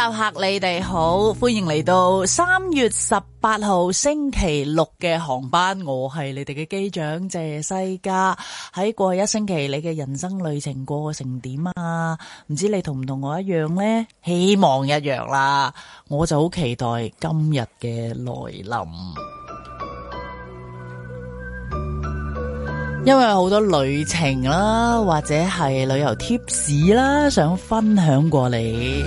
旅客，你哋好，歡迎嚟到三月十八號星期六嘅航班。我係你哋嘅機長謝西嘉。喺過去一星期，你嘅人生旅程過程點啊？唔知你同唔同我一樣呢？希望一樣啦。我就好期待今日嘅來臨，因為好多旅程啦，或者係旅遊貼士啦，想分享過你。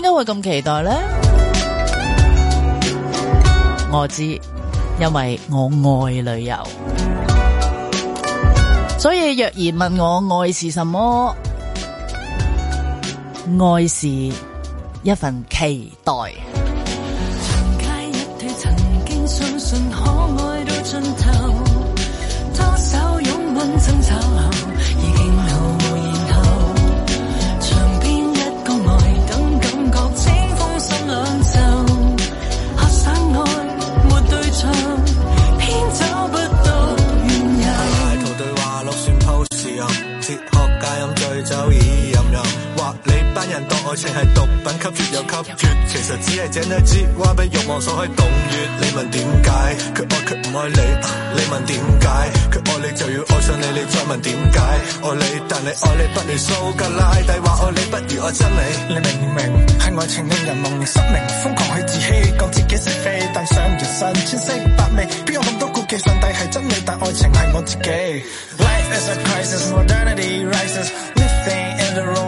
點解會咁期待呢？我知，因為我愛旅遊，所以若然問我愛是什麼，愛是一份期待。愛情係毒品，吸血又吸血，其實只係井底之蛙被慾望所去洞穴。你問點解，佢愛佢唔愛你？你問點解，佢愛你就要愛上你。你再問點解，愛你，但你愛你不如蘇格拉底話，話愛你不如愛真理。你明唔明？係愛情令人蒙明失明，瘋狂去自欺，講自己食飛，但上人生千色百味，邊有咁多顧忌。上帝係真理，但愛情係我自己。Life is a crisis, modernity rises, living in the room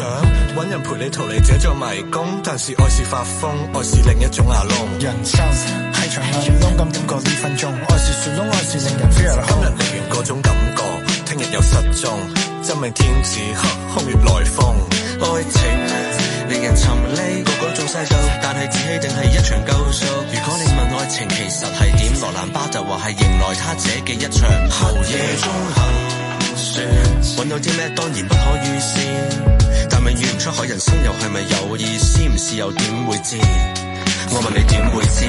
想搵人陪你逃離這座迷宮，但是愛是發瘋，愛是另一種牙籠。人生係場戲，牙籠咁點過呢分鐘？愛是雪中愛是令人非常 e 今日嚟完各種感覺，聽日又失蹤。真命天子，空穴來風。愛情令人沉溺，個個做晒夠，但係自欺定係一場救贖。如果你問愛情其實係點，羅蘭巴特話係迎來他者嘅一場。黑夜中、啊。揾到啲咩當然不可預先，但永遠唔出海，人生又係咪有意思？唔試又點會知？我問你點會知？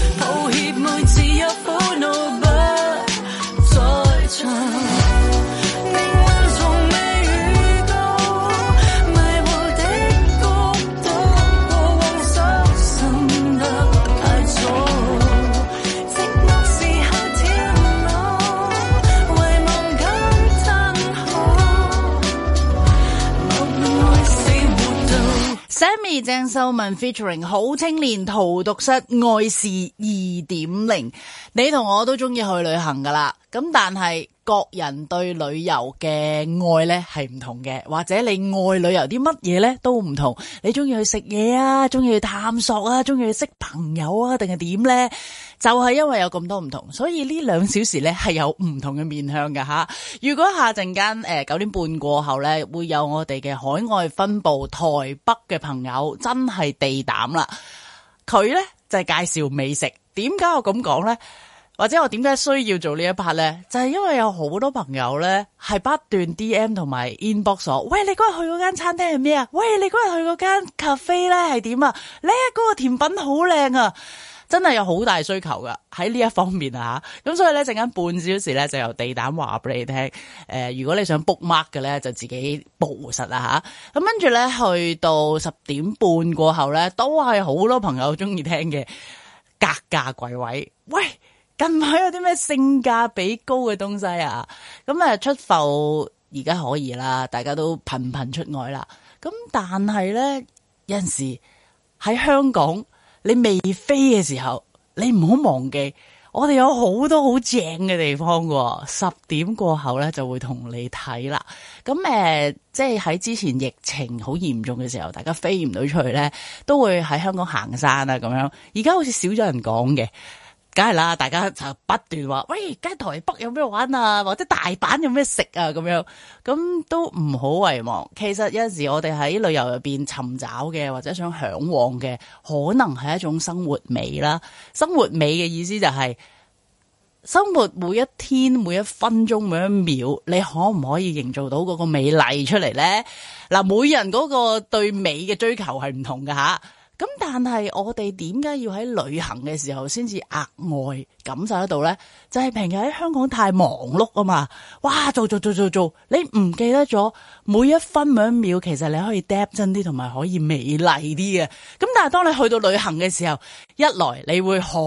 鄭秀文 featuring 好青年荼毒室愛是2.0。你同我都中意去旅行噶啦，咁但係各人對旅遊嘅愛呢係唔同嘅，或者你愛旅遊啲乜嘢呢都唔同。你中意去食嘢啊，中意去探索啊，中意去識朋友啊，定係點呢？就係因為有咁多唔同，所以呢兩小時呢係有唔同嘅面向噶吓。如果下陣間誒九點半過後呢，會有我哋嘅海外分部台北嘅朋友，真係地膽啦。佢呢就係介紹美食。點解我咁講呢？或者我點解需要做呢一 part 呢？就係、是、因為有好多朋友呢，係不斷 DM 同埋 inbox 我，喂，你嗰日去嗰間餐廳係咩啊？喂，你嗰日去嗰間咖啡呢係點啊？咧嗰、那個甜品好靚啊！真係有好大需求噶喺呢一方面啊，咁所以呢，陣間半小時呢，就由地膽話俾你聽。誒、呃，如果你想 book mark 嘅呢，就自己 book 實啦吓。咁跟住呢，去到十點半過後呢，都係好多朋友中意聽嘅。格價貴位，喂，近排有啲咩性價比高嘅東西啊？咁啊，出埠而家可以啦，大家都頻頻出外啦。咁但係咧，有陣時喺香港你未飛嘅時候，你唔好忘記。我哋有好多好正嘅地方㗎，十點過後咧就會同你睇啦。咁誒、呃，即係喺之前疫情好嚴重嘅時候，大家飛唔到出去咧，都會喺香港行山啊，咁樣。而家好似少咗人講嘅。梗係啦，大家就不斷話喂，梗係台北有咩玩啊，或者大阪有咩食啊咁樣，咁都唔好遺忘。其實有時我哋喺旅遊入邊尋找嘅，或者想向往嘅，可能係一種生活美啦。生活美嘅意思就係、是、生活每一天、每一分鐘、每一秒，你可唔可以營造到嗰個美麗出嚟呢？」嗱，每人嗰個對美嘅追求係唔同㗎。吓。咁但係我哋點解要喺旅行嘅時候先至額外感受得到咧？就係平日喺香港太忙碌啊嘛，哇做做做做做，你唔記得咗。每一分每一秒，其實你可以 dap 真啲，同埋可以美麗啲嘅。咁但係當你去到旅行嘅時候，一來你會好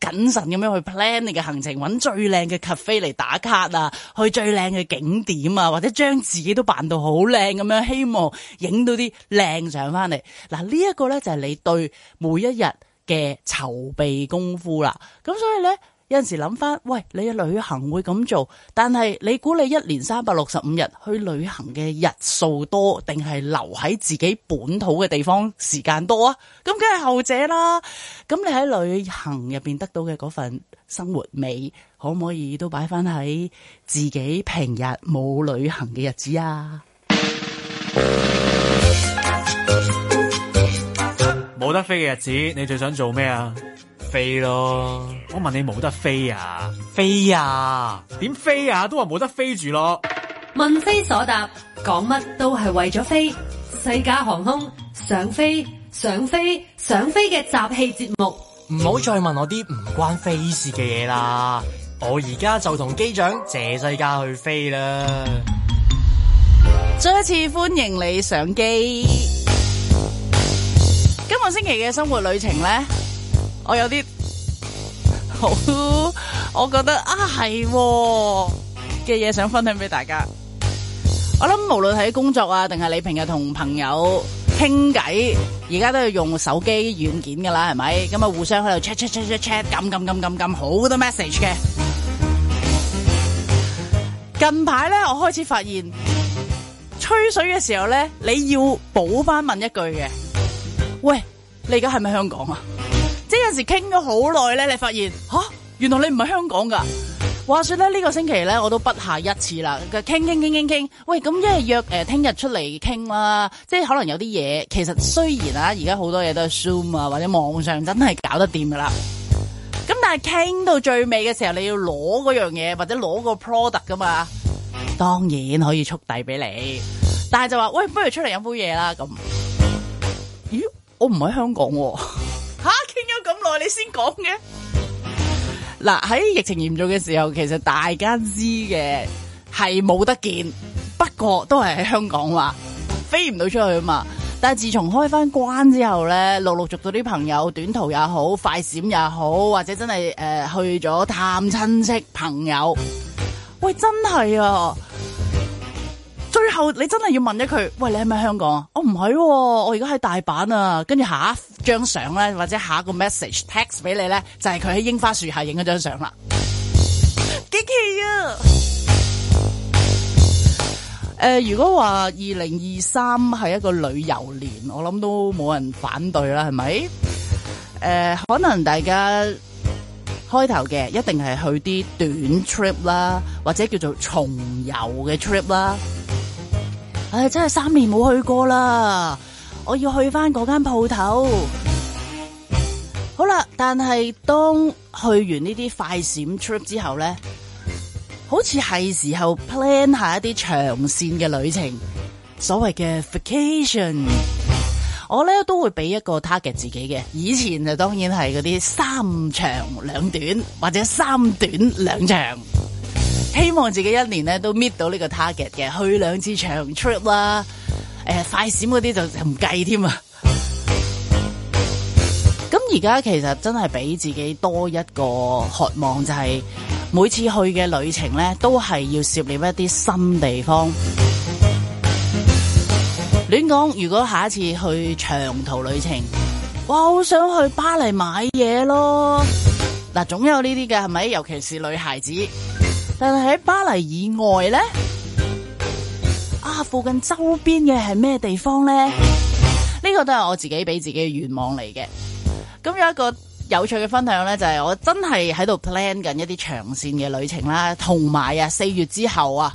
謹慎咁樣去 plan 你嘅行程，揾最靚嘅 cafe 嚟打卡啊，去最靚嘅景點啊，或者將自己都扮到好靚咁樣，希望影到啲靚相翻嚟。嗱，呢一個呢就係你對每一日嘅籌備功夫啦。咁所以呢。有陣時諗翻，喂，你嘅旅行會咁做，但係你估你一年三百六十五日去旅行嘅日數多，定係留喺自己本土嘅地方時間多啊？咁梗係後者啦。咁你喺旅行入邊得到嘅嗰份生活美，可唔可以都擺翻喺自己平日冇旅行嘅日子啊？冇得飛嘅日子，你最想做咩啊？飛咯！我問你冇得飛啊？飛啊？點飛啊？都話冇得飛住咯。問非所答，講乜都係為咗飛。世界航空想飛想飛想飛嘅雜戲節目，唔好、嗯、再問我啲唔關飛事嘅嘢啦。我而家就同機長謝世界去飛啦。再一次歡迎你上機。今個星期嘅生活旅程咧？我有啲好，我覺得啊係嘅嘢，想分享俾大家想。我諗無論喺工作啊，定係你平日同朋友傾偈，而家都要用手機軟件噶啦，係咪？咁啊，互相喺度 check check check check check，撳撳撳撳撳，好多 message 嘅。近排咧，我開始發現吹水嘅時候咧，你要補翻問一句嘅，喂，你而家係咪香港啊？嗰陣時傾咗好耐咧，你發現吓，啊，原來你唔係香港噶。話說咧，呢、這個星期咧，我都不下一次啦，傾傾傾傾傾。喂，咁一係約誒聽日出嚟傾啦，即係可能有啲嘢，其實雖然啊，而家好多嘢都係 Zoom 啊，或者網上真係搞得掂噶啦。咁但係傾到最尾嘅時候，你要攞嗰樣嘢或者攞個 product 噶嘛？當然可以速遞俾你，但係就話喂，不如出嚟飲杯嘢啦咁。咦，我唔喺香港喎，啊。我話你先講嘅，嗱，喺疫情嚴重嘅時候，其實大家知嘅係冇得見，不過都係喺香港話，飛唔到出去啊嘛。但係自從開翻關之後咧，陸陸續續啲朋友短途也好，快閃也好，或者真係誒、呃，去咗探親戚朋友，喂，真係啊！最後你真係要問一句，喂，你喺咪香港啊、哦哦？我唔喺，我而家喺大阪啊。跟住下一張相咧，或者下一個 message text 俾你咧，就係佢喺櫻花樹下影咗張相啦。幾奇啊！誒、呃，如果話二零二三係一個旅遊年，我諗都冇人反對啦，係咪？誒、呃，可能大家開頭嘅一定係去啲短 trip 啦，或者叫做重遊嘅 trip 啦。唉、啊，真係三年冇去過啦！我要去翻嗰間鋪頭。好啦，但係當去完呢啲快閃 trip 之後咧，好似係時候 plan 下一啲長線嘅旅程，所謂嘅 vacation，我咧都會俾一個 target 自己嘅。以前就當然係嗰啲三長兩短或者三短兩長。希望自己一年咧都搣到呢個 target 嘅，去兩次長 trip 啦，誒、呃、快閃嗰啲就唔計添啊。咁而家其實真係俾自己多一個渴望，就係、是、每次去嘅旅程咧，都係要涉獵一啲新地方。亂講，如果下一次去長途旅程，哇，好想去巴黎買嘢咯！嗱，總有呢啲嘅係咪？尤其是女孩子。但係喺巴黎以外呢，啊，附近周邊嘅係咩地方呢？呢、這個都係我自己俾自己嘅願望嚟嘅。咁有一個有趣嘅分享呢，就係、是、我真係喺度 plan 緊一啲長線嘅旅程啦，同埋啊，四月之後啊。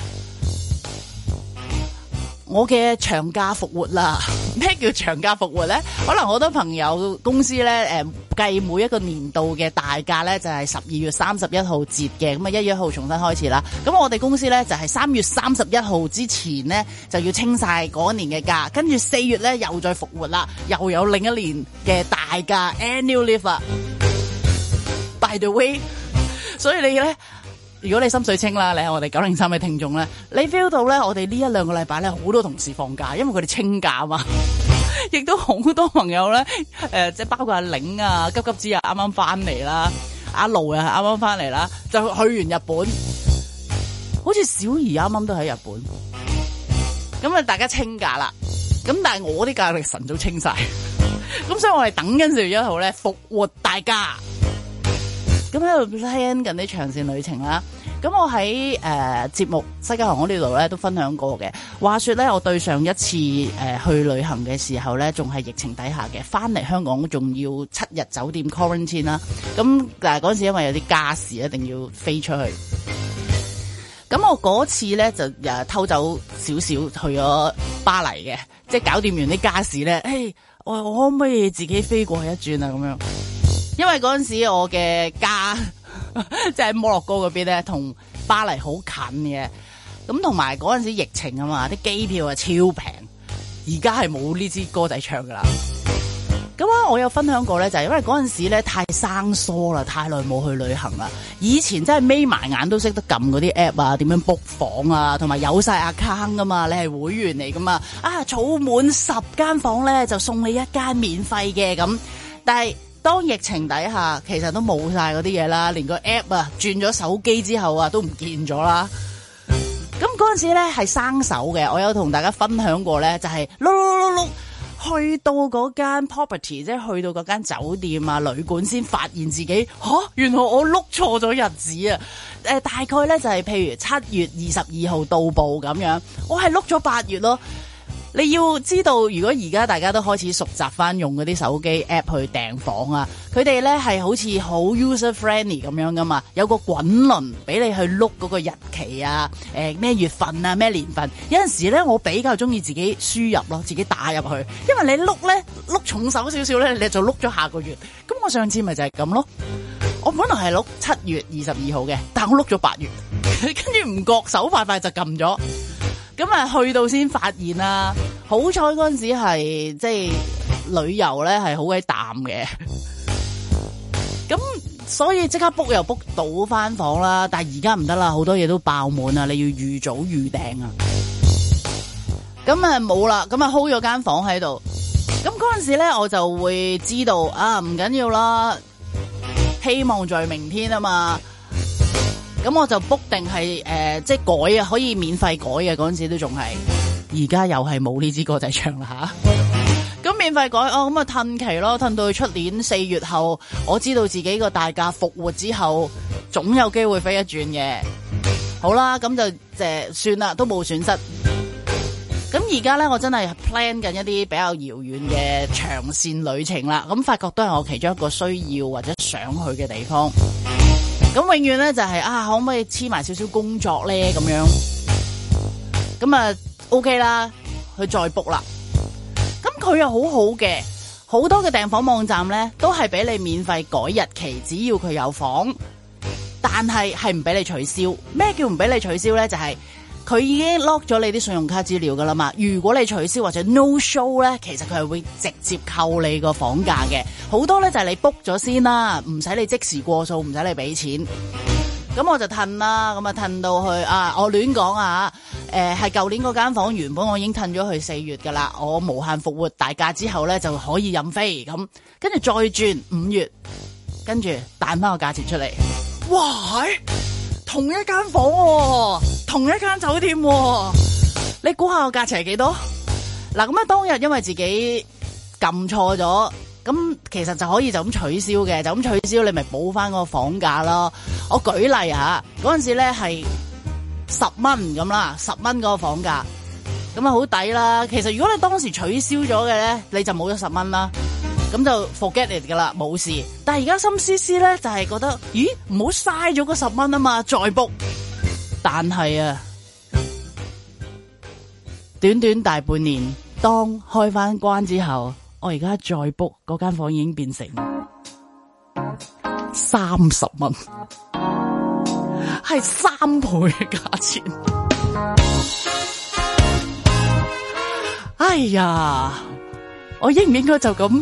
我嘅長假復活啦！咩叫長假復活呢？可能好多朋友公司呢，誒，計每一個年度嘅大假呢，就係十二月三十一號節嘅，咁啊一月一號重新開始啦。咁我哋公司呢，就係三月三十一號之前呢，就要清晒嗰一年嘅假，跟住四月呢，又再復活啦，又有另一年嘅大假 annual leave。By the way，所以你呢如果你心水清啦，你係我哋九零三嘅聽眾咧，你 feel 到咧，我哋呢一兩個禮拜咧好多同事放假，因為佢哋清假嘛，亦都好多朋友咧，誒、呃，即係包括阿玲啊、急急子啊，啱啱翻嚟啦，阿盧啊，啱啱翻嚟啦，就去完日本，好似小儀啱啱都喺日本，咁啊，大家清假啦，咁但係我啲假力晨早清晒，咁 所以我哋等緊四月一號咧復活大家。咁喺度 p a n 緊啲長線旅程啦，咁、嗯、我喺誒、呃、節目《世界航空》呢度咧都分享過嘅。話說，咧，我對上一次、呃、去旅行嘅時候咧，仲係疫情底下嘅，翻嚟香港仲要七日酒店 quarantine 啦、嗯。咁但嗰時因為有啲家事一定要飛出去，咁、嗯、我嗰次咧就、啊、偷走少少去咗巴黎嘅，即係搞掂完啲家事咧，誒、哎、我，我可唔可以自己飛過去一轉啊？咁樣。因為嗰陣時我嘅家就喺、係、摩洛哥嗰邊咧，同巴黎好近嘅。咁同埋嗰陣時疫情啊嘛，啲機票啊超平。而家係冇呢支歌仔唱噶啦。咁啊， 我有分享過咧，就係、因為嗰陣時咧太生疏啦，太耐冇去旅行啦。以前真係眯埋眼都識得撳嗰啲 app 啊，點樣 book 房啊，同埋有晒 account 噶嘛，你係會員嚟噶嘛。啊，儲滿十間房咧就送你一間免費嘅，咁但係。當疫情底下，其實都冇晒嗰啲嘢啦，連個 app 啊，轉咗手機之後啊，都唔見咗啦。咁嗰陣時呢係生手嘅，我有同大家分享過呢，就係碌碌碌碌碌，去到嗰間 property，即係去到嗰間酒店啊旅館，先發現自己吓、啊，原來我碌錯咗日子啊！誒、呃，大概呢，就係、是、譬如七月二十二號到埗咁樣，我係碌咗八月咯。你要知道，如果而家大家都開始熟習翻用嗰啲手機 app 去訂房啊，佢哋咧係好似好 user friendly 咁樣噶嘛，有個滾輪俾你去碌嗰個日期啊，誒、呃、咩月份啊，咩年份。有陣時咧，我比較中意自己輸入咯，自己打入去，因為你碌咧碌重手少少咧，你就碌咗下個月。咁我上次咪就係咁咯，我本來係碌七月二十二號嘅，但我碌咗八月，跟住唔覺手快快就撳咗。咁啊，去到先發現啦，好彩嗰陣時係即係旅遊咧，係好鬼淡嘅。咁所以即刻 book 又 book 到翻房啦，但係而家唔得啦，好多嘢都爆滿啊，你要預早預訂啊。咁啊冇啦，咁啊 hold 咗間房喺度。咁嗰陣時咧，我就會知道啊，唔緊要啦，希望在明天啊嘛。咁我就 book 定係誒、呃，即係改啊，可以免費改嘅嗰陣時都仲係，而家又係冇呢支歌仔唱啦吓。咁、啊、 免費改哦，咁啊褪期咯，褪到出年四月後，我知道自己個大價復活之後，總有機會飛一轉嘅。好啦，咁就即、呃、算啦，都冇損失。咁而家呢，我真係 plan 緊一啲比較遙遠嘅長線旅程啦。咁發覺都係我其中一個需要或者想去嘅地方。咁永遠咧就係、是、啊可唔可以黐埋少少工作咧咁樣，咁啊 OK 啦，去再 book 啦。咁佢又好好嘅，好多嘅訂房網站咧都係俾你免費改日期，只要佢有房，但係係唔俾你取消。咩叫唔俾你取消咧？就係、是。佢已經 lock 咗你啲信用卡資料噶啦嘛，如果你取消或者 no show 咧，其實佢係會直接扣你個房價嘅。好多咧就係你 book 咗先啦，唔使你即時過數，唔使你俾錢。咁我就褪啦，咁啊褪到去啊，我亂講啊嚇。誒係舊年嗰間房原本我已經褪咗去四月噶啦，我無限復活大假之後咧就可以任飛咁，跟住再轉五月，跟住彈翻個價錢出嚟。哇同一間房，同一間酒店，你估下個價錢係幾多？嗱，咁啊當日因為自己撳錯咗，咁其實就可以就咁取消嘅，就咁取消，你咪補翻個房價咯。我舉例吓，嗰陣時咧係十蚊咁啦，十蚊嗰個房價，咁啊好抵啦。其實如果你當時取消咗嘅咧，你就冇咗十蚊啦。咁就 forget it 噶啦，冇事。但係而家心思思咧，就係、是、覺得，咦，唔好嘥咗嗰十蚊啊嘛，再 book。但係啊，短短大半年，當開翻關之後，我而家再 book 嗰間房已經變成三十蚊，係三倍嘅價錢。哎呀，我應唔應該就咁？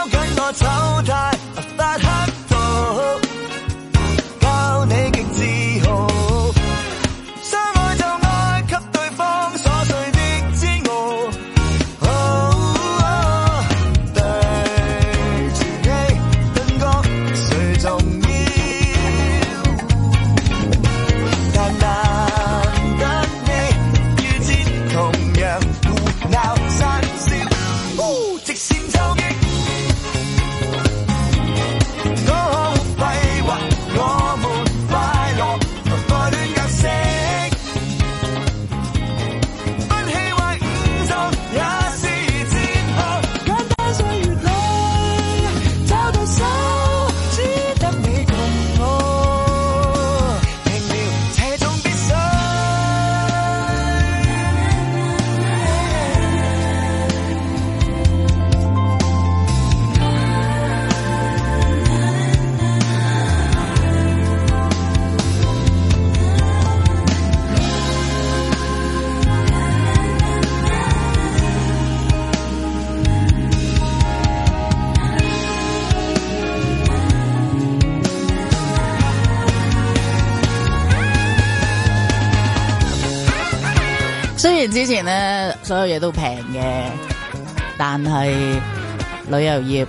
之前咧，所有嘢都平嘅，但係旅遊業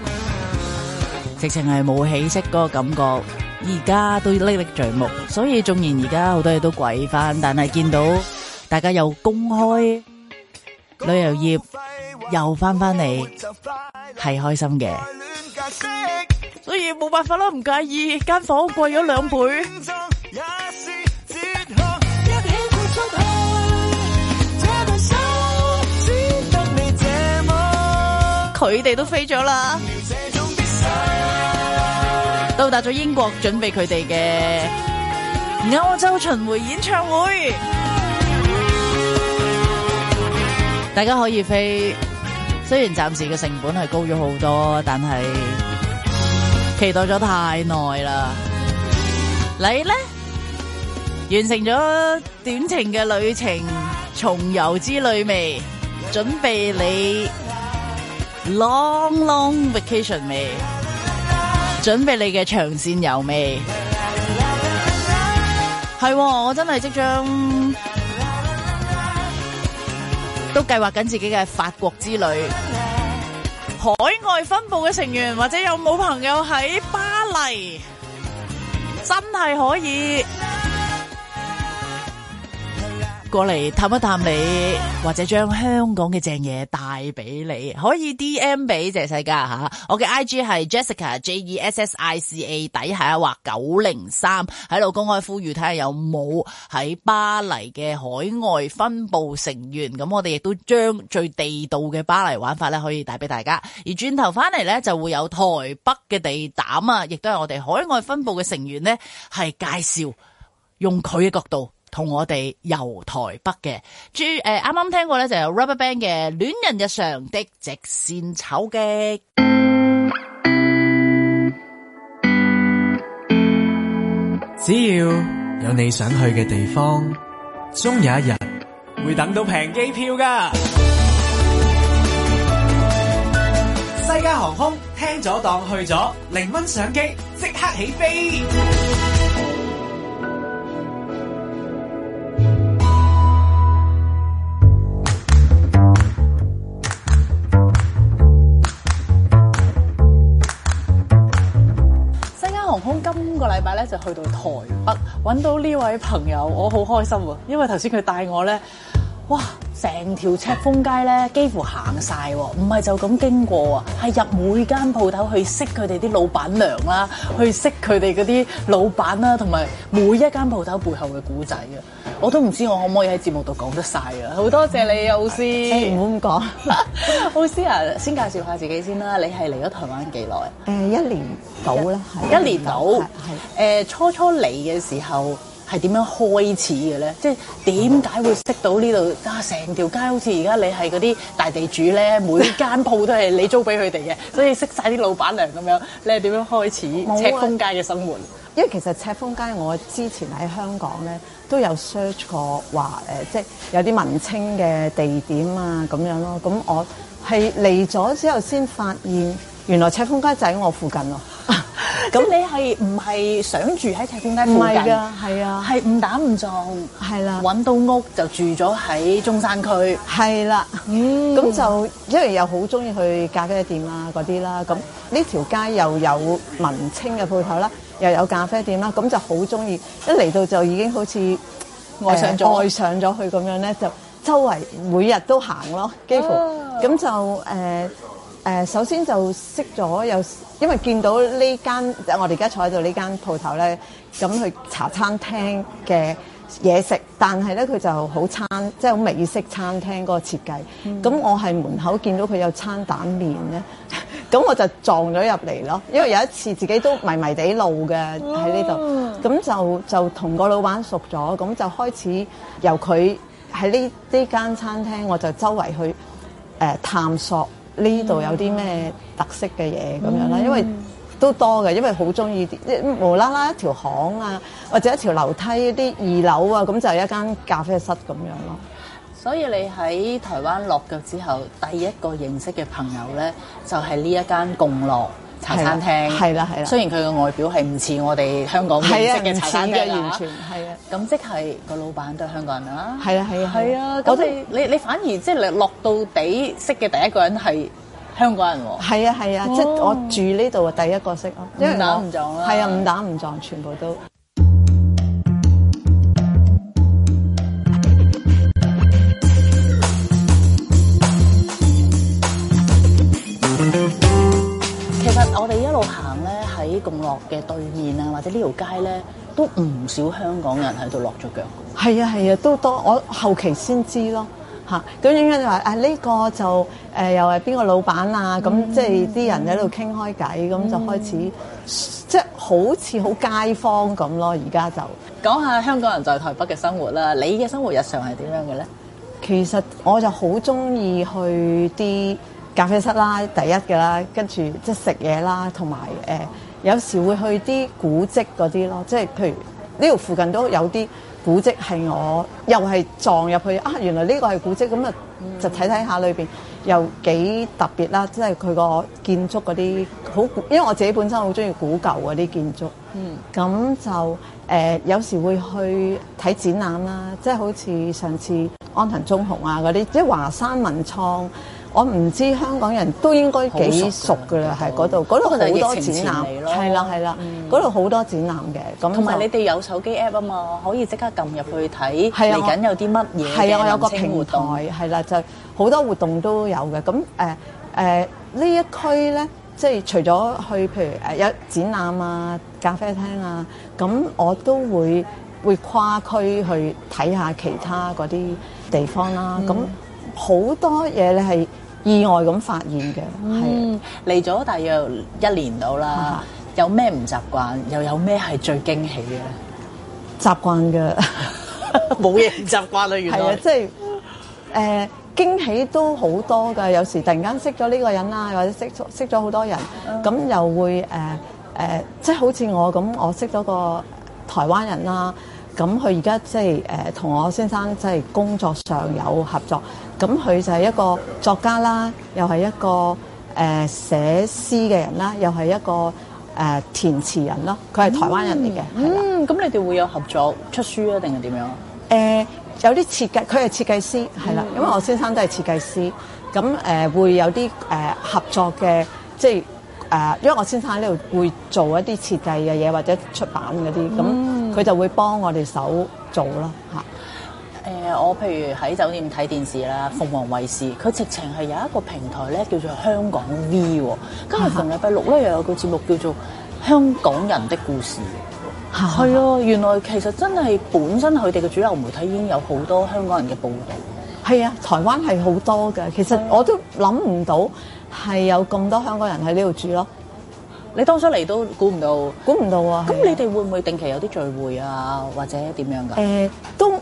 直情係冇起色嗰個感覺，而家都歷歷在目。所以縱然而家好多嘢都貴翻，但係見到大家又公開旅遊業又翻翻嚟，係開心嘅。所以冇辦法啦，唔介意間房貴咗兩倍。佢哋都飛咗啦，到達咗英國，準備佢哋嘅歐洲巡回演唱會。大家可以飛，雖然暫時嘅成本係高咗好多，但係期待咗太耐啦。你呢，完成咗短程嘅旅程，重遊之旅未？準備你。Long long vacation 未？準備你嘅長線遊未？係 我真係即將都計劃緊自己嘅法國之旅。海外分部嘅成員或者有冇朋友喺巴黎？真係可以。過嚟探一探你，或者將香港嘅正嘢帶俾你，可以 D M 俾謝西加。吓，我嘅 I G 係 Jessica J E S S I C A，底下一劃九零三喺度公開呼籲，睇下有冇喺巴黎嘅海外分部成員。咁我哋亦都將最地道嘅巴黎玩法咧，可以帶俾大家。而轉頭翻嚟咧，就會有台北嘅地膽啊，亦都係我哋海外分部嘅成員呢係介紹用佢嘅角度。同我哋遊台北嘅，註誒，啱啱聽過咧就有 Rubberband 嘅《戀人日常》的直線醜激，只要有你想去嘅地方，終有一日會等到平機票㗎。西加航空聽咗檔去咗，零蚊上機即刻起飛。航空今個禮拜咧就去到了台北揾、啊、到呢位朋友，我好開心喎，因為頭先佢帶我咧。哇！成條赤峰街咧，幾乎行晒喎，唔係就咁經過啊，係入每間鋪頭去識佢哋啲老闆娘啦，去識佢哋嗰啲老闆啦，同埋每一間鋪頭背後嘅古仔啊！我都唔知我可唔可以喺節目度講得晒啊！好多謝你，奧斯。誒唔好咁講，奧斯啊，先介紹下自己先啦。你係嚟咗台灣幾耐？誒、呃、一年到啦，係一,一年到，係誒、呃、初初嚟嘅時候。係點樣開始嘅咧？即係點解會識到呢度？啊，成條街好似而家你係嗰啲大地主咧，每間鋪都係你租俾佢哋嘅，所以識晒啲老闆娘咁樣。你係點樣開始赤峰街嘅生活？因為其實赤峰街我之前喺香港咧都有 search 過，話誒，即係有啲文青嘅地點啊咁樣咯。咁我係嚟咗之後先發現，原來赤峰街就喺我附近咯。咁你係唔係想住喺赤峰街？唔係噶。係啊，係誤打誤撞，係啦，搵到屋就住咗喺中山區，係啦，嗯，咁就因為又好中意去咖啡店啊嗰啲啦，咁呢條街又有文青嘅鋪頭啦，又有咖啡店啦，咁就好中意，一嚟到就已經好似愛上咗愛上咗去咁樣咧，就周圍每日都行咯，幾乎咁就誒。誒、呃，首先就識咗，又因為見到呢間，即我哋而家坐喺度呢間鋪頭咧，咁去茶餐廳嘅嘢食，但係咧佢就好餐，即係好美式餐廳嗰個設計。咁、嗯、我喺門口見到佢有餐蛋麵咧，咁 我就撞咗入嚟咯。因為有一次自己都迷迷地路嘅喺呢度，咁、嗯、就就同個老闆熟咗，咁就開始由佢喺呢呢間餐廳，我就周圍去誒、呃、探索。呢度有啲咩特色嘅嘢咁樣啦，因為都多嘅，因為好中意啲無啦啦一條巷啊，或者一條樓梯啲二樓啊，咁就係一間咖啡室咁樣咯。所以你喺台灣落腳之後，第一個認識嘅朋友咧，就係呢一間共樂。茶餐廳係啦係啦，雖然佢嘅外表係唔似我哋香港式嘅茶餐廳嚇，完全，咁即係個老闆都係香港人啦。係啦係係啊，我哋你你反而即係落到底識嘅第一個人係香港人喎。係啊係啊，即係我住呢度啊，第一個識因誤打誤撞啊，係啊誤打誤撞，全部都。其實我哋一路行咧，喺共樂嘅對面啊，或者呢條街咧，都唔少香港人喺度落咗腳。係啊係啊，都多。我後期先知咯，吓。咁點解你話誒呢個就誒、呃、又係邊個老闆啊？咁即係啲人喺度傾開偈，咁、嗯、就開始即係好似好街坊咁咯。而家就講下香港人在台北嘅生活啦。你嘅生活日常係點樣嘅咧？其實我就好中意去啲。咖啡室啦，第一嘅啦，跟住即係食嘢啦，同埋誒有時會去啲古蹟嗰啲咯，即係譬如呢度附近都有啲古蹟係我又係撞入去啊，原來呢個係古蹟，咁啊就睇睇下裏邊又幾特別啦，即係佢個建築嗰啲好古，因為我自己本身好中意古舊嗰啲建築，嗯，咁就誒有時會去睇展覽啦，即係好似上次安藤忠雄啊嗰啲，即係華山文創。我唔知香港人都應該幾熟噶啦，喺嗰度，嗰度好多展覽，係啦係啦，嗰度好多展覽嘅。咁同埋你哋有手機 app 啊嘛，可以即刻撳入去睇嚟緊有啲乜嘢係呀，我有個平台。係啦，就好多活動都有嘅。咁誒呢一區咧，即係除咗去譬如有展覽啊、咖啡廳啊，咁我都會會跨區去睇下其他嗰啲地方啦。咁好、嗯、多嘢你係～意外咁發現嘅，係嚟咗大約一年到啦。是有咩唔習慣，又有咩係最驚喜嘅咧？習慣嘅冇嘢唔習慣啦，原來係啊，即係誒驚喜都好多噶。有時突然間識咗呢個人啦，或者識識咗好多人，咁又會誒誒，即係好似我咁，我識咗個台灣人啦。咁佢而家即係、呃、同我先生即係工作上有合作，咁佢就係一個作家啦，又係一個誒、呃、寫詩嘅人啦，又係一個、呃、填詞人咯。佢係台灣人嚟嘅。嗯，咁的、嗯、你哋會有合作出書啊，定係點樣？呃、有啲設計，佢係設計師，係啦、嗯呃呃呃，因為我先生都係設計師。咁會有啲合作嘅，即係因為我先生喺呢度會做一啲設計嘅嘢或者出版嗰啲咁。嗯佢就會幫我哋手做啦，嚇！誒，我譬如喺酒店睇電視啦，鳳凰衛視，佢直情係有一個平台咧，叫做香港 V，今日逢禮拜六咧又有個節目叫做《香港人的故事》，係啊，原來其實真係本身佢哋嘅主流媒體已經有好多香港人嘅報導，係啊，台灣係好多嘅，其實我都諗唔到係有咁多香港人喺呢度住咯。你當初嚟都估唔到，估唔到啊。咁你哋會唔會定期有啲聚會啊，或者點樣噶？誒、呃，都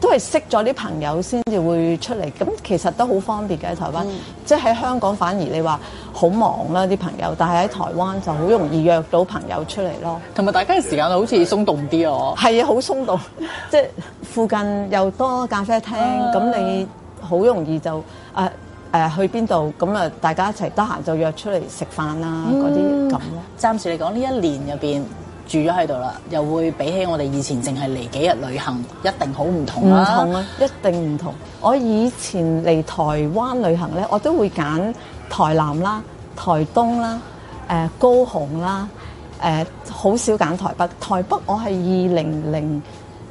都係識咗啲朋友先至會出嚟。咁其實都好方便嘅喺台灣，嗯、即喺香港反而你話好忙啦、啊、啲朋友，但係喺台灣就好容易約到朋友出嚟咯。同埋大家嘅時間好似鬆動啲哦。係啊，好鬆動， 即係附近又多咖啡廳，咁、啊、你好容易就、啊誒去邊度咁啊？大家一齊得閒就約出嚟食飯啦。嗰啲咁。這暫時嚟講呢一年入邊住咗喺度啦，又會比起我哋以前淨係嚟幾日旅行，一定好唔同。唔同啊，一定唔同。我以前嚟台灣旅行咧，我都會揀台南啦、台東啦、誒、呃、高雄啦、誒、呃、好少揀台北。台北我係二零零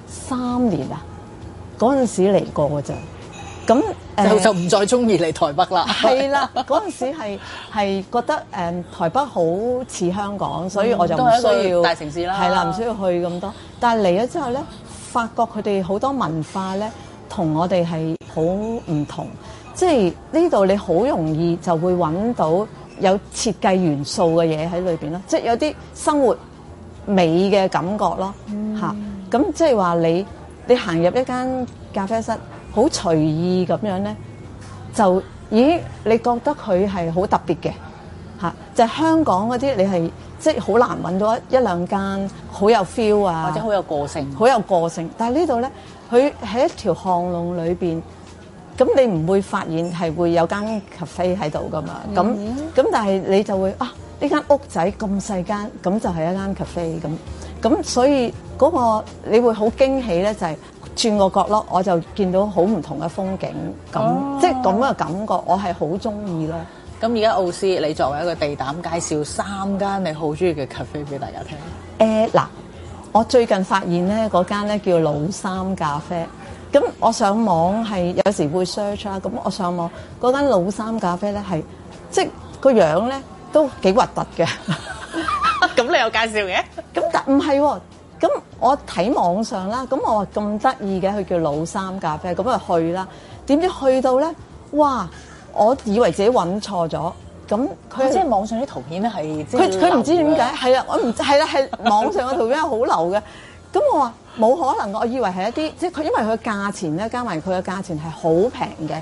三年啊，嗰陣時嚟過嘅啫。咁。就就唔再中意嚟台北啦。係啦，嗰陣時係係覺得誒台北好似香港，所以我就唔需要大城市啦。係啦，唔需要去咁多。但係嚟咗之後咧，發覺佢哋好多文化咧，同我哋係好唔同。即係呢度你好容易就會揾到有設計元素嘅嘢喺裏邊咯，即係有啲生活美嘅感覺咯。嚇，咁即係話你你行入一間咖啡室。好隨意咁樣咧，就咦？你覺得佢係好特別嘅嚇，就係香港嗰啲你係即係好難揾到一一兩間好有 feel 啊，或者好有個性，好有個性。但係呢度咧，佢喺一條巷弄裏邊，咁你唔會發現係會有間 cafe 喺度噶嘛。咁咁但係你就會啊，呢間屋仔咁細間，咁就係一間 cafe 咁。咁所以嗰個你會好驚喜咧，就係。轉個角落，我就見到好唔同嘅風景，咁即係咁嘅感覺，我係好中意咯。咁而家奧斯，你作為一個地膽，介紹三間你好中意嘅 cafe 俾大家聽。誒嗱，我最近發現咧嗰間咧叫老三咖啡。咁我上網係有時會 search 啦。咁我上網嗰間老三咖啡咧係，即係個樣咧都幾核突嘅。咁你有介紹嘅？咁但唔係喎。咁我睇網上啦，咁我話咁得意嘅，佢叫老三咖啡，咁啊去啦，點知去到咧，哇！我以為自己揾錯咗，咁佢即係網上啲圖片咧係，佢佢唔知點解，係啦、啊，我唔係啦，係、啊、網上嘅圖片係好流嘅，咁我話冇可能，我以為係一啲即係佢，因為佢價錢咧加埋佢嘅價錢係好平嘅。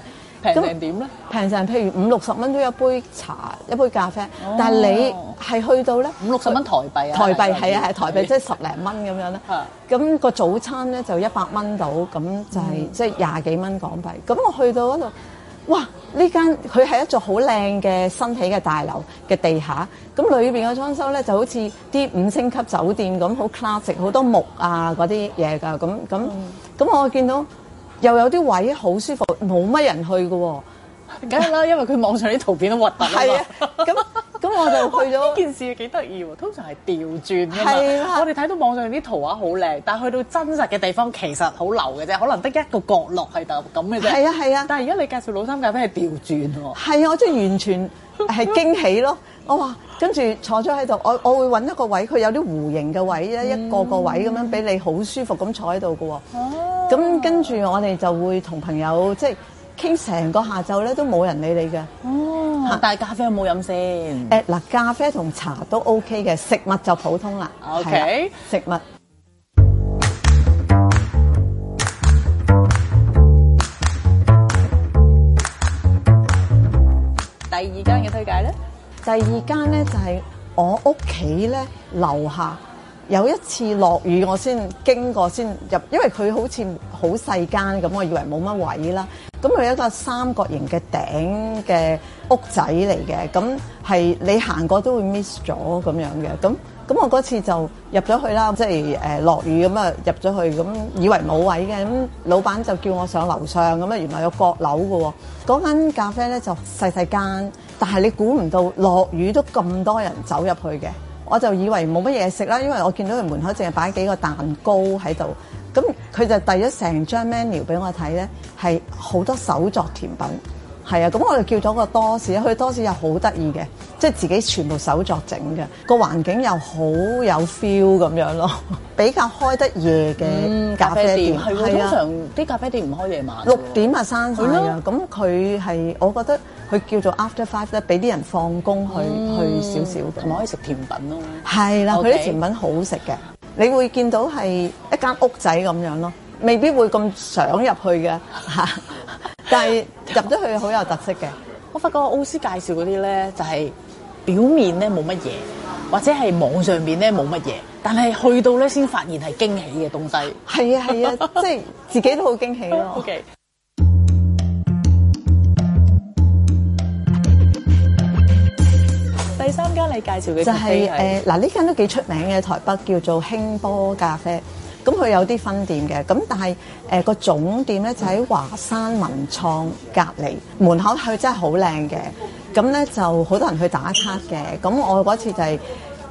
平成點咧？平成譬如五六十蚊都有一杯茶、一杯咖啡，但係你係去到咧五六十蚊台幣啊！台幣係啊係台幣，即係十零蚊咁樣啦。咁個早餐咧就一百蚊到，咁就係即係廿幾蚊港幣。咁我去到嗰度，哇！呢間佢係一座好靚嘅新起嘅大樓嘅地下，咁裏邊嘅裝修咧就好似啲五星級酒店咁，好 classic，好多木啊嗰啲嘢㗎。咁咁咁我見到。又有啲位好舒服，冇乜人去㗎喎、哦，梗係啦，因為佢網上啲圖片都核突啊係啊，咁咁我就去咗。哦、這件事幾得意喎，通常係調轉㗎嘛。係啊，我哋睇到網上啲圖畫好靚，但係去到真實嘅地方，其實好流嘅啫，可能得一個角落係就咁嘅啫。係啊係啊，啊但係而家你介紹老三咖啡係調轉喎。係啊，即係完全係驚喜咯！ 我話跟住坐咗喺度，我我會揾一個位，佢有啲弧形嘅位咧，嗯、一個個位咁樣俾你好舒服咁坐喺度㗎喎。啊咁、oh. 跟住我哋就會同朋友即係傾成個下晝咧，都冇人理你嘅。哦、oh. 嗯，但係咖啡有冇飲先？誒嗱，咖啡同茶都 OK 嘅，食物就普通啦。OK，啊、食物。第二間嘅推介咧，第二間咧就係、是、我屋企咧樓下。有一次落雨，我先經過先入，因為佢好似好細間咁，我以為冇乜位啦。咁佢一個三角形嘅頂嘅屋仔嚟嘅，咁係你行過都會 miss 咗咁樣嘅。咁咁我嗰次就入咗去啦，即係誒落雨咁啊入咗去，咁以為冇位嘅，咁老闆就叫我上樓上咁啊，原來有閣樓㗎喎。嗰間咖啡咧就細細間，但係你估唔到落雨都咁多人走入去嘅。我就以為冇乜嘢食啦，因為我見到佢門口淨係擺幾個蛋糕喺度，咁佢就遞咗成張 menu 俾我睇咧，係好多手作甜品，係啊，咁我就叫咗個多士，佢多士又好得意嘅，即係自己全部手作整嘅，個環境又好有 feel 咁樣咯， 比較開得夜嘅咖啡店，係啊、嗯，通常啲咖啡店唔的的開夜晚的，六點啊三，係咯的，咁佢係，我覺得。佢叫做 after five 咧，俾啲人放工去去少少，同埋可以食甜品咯。係啦的，佢啲 Okay. 甜品好食嘅。你會見到係一間屋仔咁樣咯，未必會咁想入去嘅 但係入咗去好有特色嘅。 我發覺奧斯介紹嗰啲咧，就係表面咧冇乜嘢，或者係網上面咧冇乜嘢，但係去到咧先發現係驚喜嘅東西。係啊係啊， 即係自己都好驚喜咯。Okay. 第三間你介紹嘅就係誒，嗱，呢間都幾出名嘅，台北叫做興波咖啡，咁佢有啲分店嘅，咁但係誒，個總店咧就喺華山文創隔籬門口，的很漂亮的，佢真係好靚嘅，咁咧就好多人去打卡嘅，咁我嗰次就係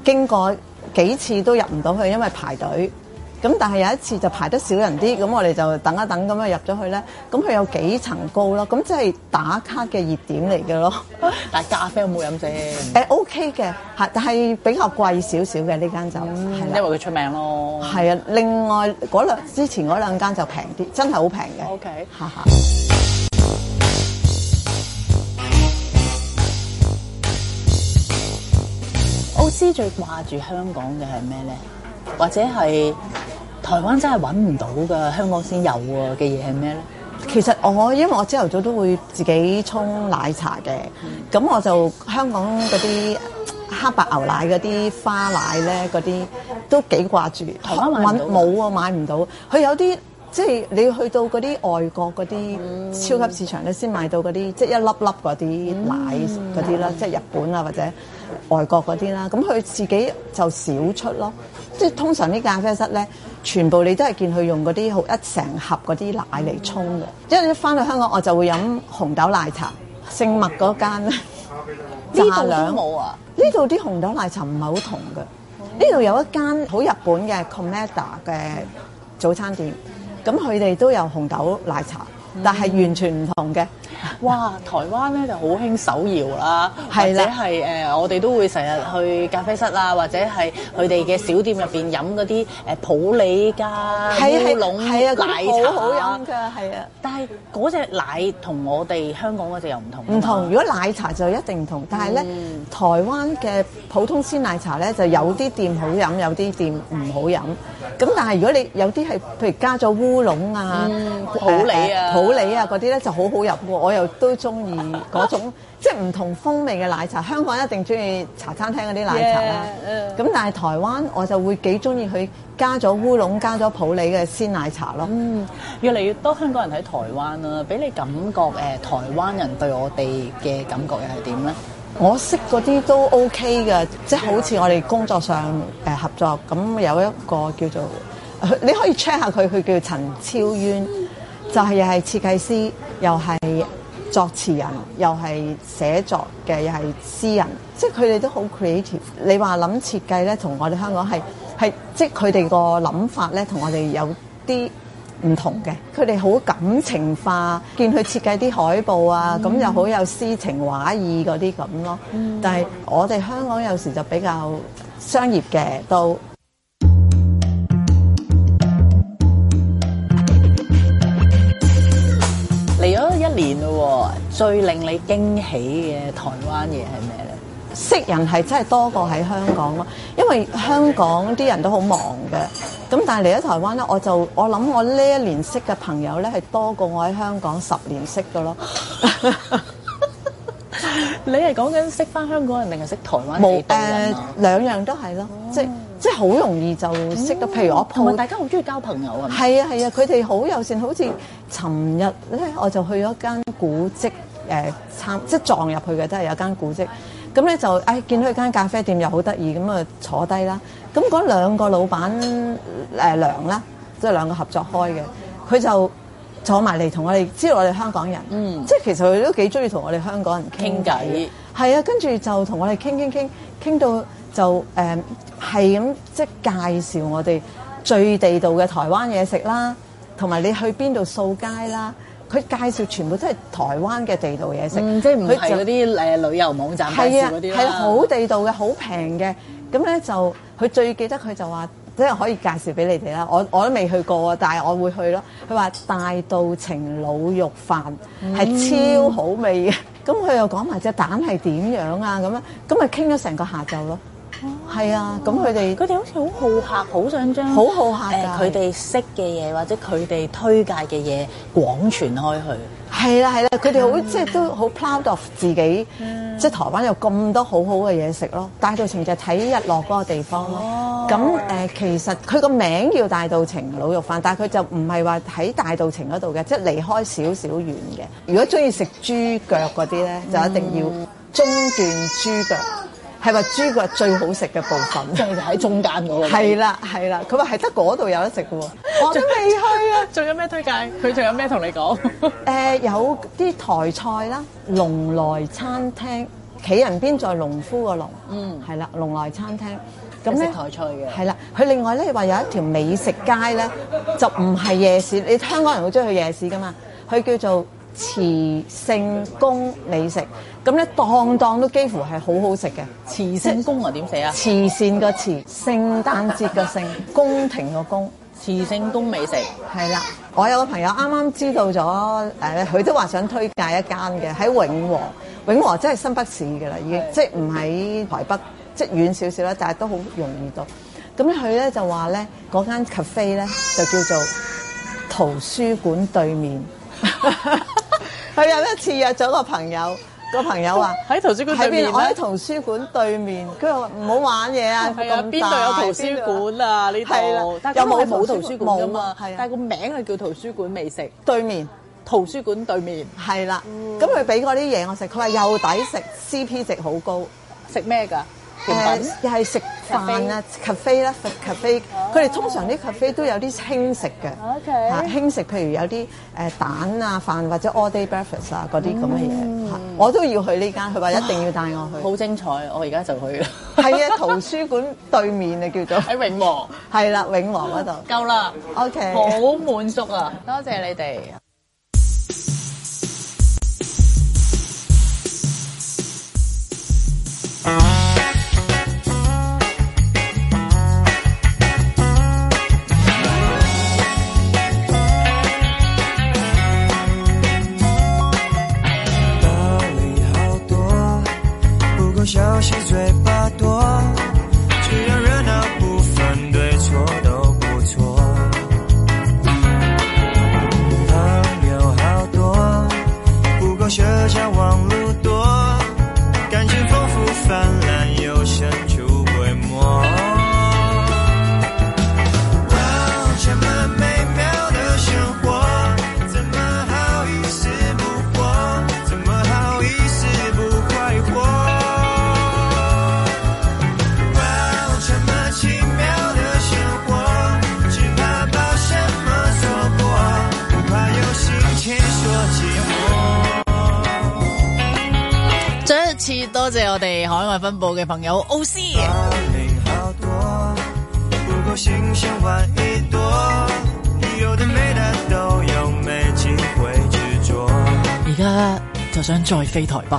經過幾次都入唔到去，因為排隊。咁但係有一次就排得少人啲，咁我哋就等一等咁啊，入咗去咧。咁佢有幾層高咯？咁即係打卡嘅熱點嚟嘅咯。但係咖啡有冇飲先？誒 OK 嘅，係但係比較貴少少嘅呢間酒，因為佢出名咯。係啊，另外嗰兩之前嗰兩間就平啲，真係好平嘅。OK，哈哈。歐斯最掛住香港嘅係咩咧？或者係？台灣真係揾唔到㗎，香港先有嘅嘢係咩咧？其實我因為我朝頭早都會自己沖奶茶嘅，咁我就香港嗰啲黑白牛奶嗰啲花奶咧，嗰啲都幾掛住。台灣揾冇啊？買唔到。佢有啲。即係你去到嗰啲外國嗰啲超級市場咧，先買到嗰啲即係一粒粒嗰啲奶嗰啲啦，即係、嗯、日本啊或者外國嗰啲啦。咁佢自己就少出咯。即係通常啲咖啡室咧，全部你都係見佢用嗰啲好一成盒嗰啲奶嚟沖嘅。因為你翻到香港，我就會飲紅豆奶茶，聖物嗰間。呢度都冇啊！呢度啲紅豆奶茶唔係好同嘅。呢度、嗯、有一間好日本嘅 Comeda、erm、嘅早餐店。咁佢哋都有紅豆奶茶，但係完全唔同嘅。哇！台灣咧就好興手搖啦，或者係誒，我哋都會成日去咖啡室啊，或者係佢哋嘅小店入邊飲嗰啲誒普洱㗎烏龍奶茶，好飲㗎，係啊！但係嗰隻奶同我哋香港嗰隻又唔同。唔同，如果奶茶就一定唔同，但係咧，台灣嘅普通鮮奶茶咧就有啲店好飲，有啲店唔好飲。咁但係如果你有啲係譬如加咗烏龍啊、普洱啊、普洱啊嗰啲咧就好好飲喎，我～又都中意嗰種 即係唔同風味嘅奶茶，香港一定中意茶餐廳嗰啲奶茶啦。咁 Yeah、uh, 但係台灣我就會幾中意佢加咗烏龍、加咗普洱嘅鮮奶茶咯。嗯，越嚟越多香港人喺台灣啦、啊，俾你感覺誒、呃，台灣人對我哋嘅感覺又係點呢？我識嗰啲都 OK 嘅，即係好似我哋工作上誒合作，咁有一個叫做你可以 check 下佢，佢叫陳超淵，就係、是、又係設計師，又係，作詞人又係寫作嘅又係詩人，即係佢哋都好 creative。你話諗設計咧，同我哋香港係係即係佢哋個諗法咧，我同我哋有啲唔同嘅。佢哋好感情化，見佢設計啲海報啊，咁又好有詩情畫意嗰啲咁咯。嗯、但係我哋香港有時就比較商業嘅都。嚟咗年咯，最令你驚喜嘅台灣嘢係咩咧？識人係真係多過喺香港咯，因為香港啲人都好忙嘅，咁但係嚟咗台灣咧，我就我諗我呢一年識嘅朋友咧係多過我喺香港十年識嘅咯。 你係講緊識翻香港人定係識台灣人？冇誒、呃，兩樣都係咯，oh. 即即好容易就識到。譬如我同埋、嗯、大家好中意交朋友啊嘛。係啊係啊，佢哋好友善，好似尋日咧，我就去咗間古蹟誒參，即撞入去嘅都係有間古蹟。咁咧的就誒、哎、見到佢間咖啡店又好得意，咁啊坐低啦。咁嗰兩個老闆誒娘啦，即、即係、兩個合作開嘅，佢、oh. Okay. 就。坐埋嚟同我哋，知道我哋香港人，嗯、即係其實佢都幾中意同我哋香港人傾偈。係啊，跟住就同我哋傾傾傾傾到就誒係咁，即係介紹我哋最地道嘅台灣嘢食啦，同埋你去邊度掃街啦。佢介紹全部都係台灣嘅地道嘢食，嗯，即係唔係嗰啲誒旅遊網站，係啊，係好地道嘅，好平嘅。咁咧就佢最記得佢就話。即係可以介紹俾你哋啦，我我都未去過啊，但係我會去咯。佢話大稻埕滷肉飯係超好味嘅，咁佢、嗯、又講埋隻蛋係點樣啊咁樣，咁咪傾咗成個下晝咯。係、哦、啊，咁佢哋，佢哋好似好好客，好想將好好客佢哋識嘅嘢或者佢哋推介嘅嘢廣傳開去。係啦，係啦，佢哋好即係都好 proud of 自己，嗯、即係台灣有咁多好好嘅嘢食咯。大道情就睇日落嗰個地方咯。咁、哦呃、其實佢個名叫大道情滷肉飯，但係佢就唔係話喺大道情嗰度嘅，即係離開少少遠嘅。如果中意食豬腳嗰啲咧，嗯、就一定要中段豬腳。係話豬骨最好食嘅部分，就喺中間嗰個。係啦， 係啦，佢話係得嗰度有得食嘅喎。有我都未去啊，仲有咩推介？佢仲有咩同你講？誒、呃，有啲台菜啦，龍來餐廳，企人邊在農夫個龍。嗯，係啦，龍來餐廳。咁食台菜嘅。係啦，佢另外咧話有一條美食街咧，就唔係夜市。你香港人好中意去夜市嘅嘛？佢叫做慈聖宮美食。咁咧，檔檔都幾乎係好好食嘅。慈聖宮啊，點寫啊？慈善個慈，聖誕節個聖，宮廷個宮，慈聖宮美食。係啦，我有個朋友啱啱知道咗，佢、啊、都話想推介一間嘅喺永和，永和真係新北市嘅啦，已經的即唔喺台北，即遠少少啦，但係都好容易到。咁佢咧就話咧，嗰間 cafe 咧就叫做圖書館對面。佢有 一次約咗個朋友。個朋友啊，喺圖書館，喺邊啊？我喺圖書館對面。佢話唔好玩嘢啊，咁邊度有圖書館啊？呢度有冇圖書館㗎啊？但係個名佢叫圖書館未食，對面圖書館對面係啦。咁佢俾嗰啲嘢我食，佢話又抵食，C P 值好高。食咩㗎？又係食飯啊，cafe 啦，cafe，佢哋通常啲 cafe 都有啲輕食嘅，嚇 Okay. 輕食，譬如有啲誒蛋啊飯或者 all day breakfast 啊嗰啲咁嘅嘢，我都要去呢間，佢話一定要帶我去。好精彩，我而家就去啦。係 啊，圖書館對面啊，叫做喺永和，係啦，永和嗰度。夠啦了。OK。好滿足啊！多謝你哋。Uh. 再飛台北。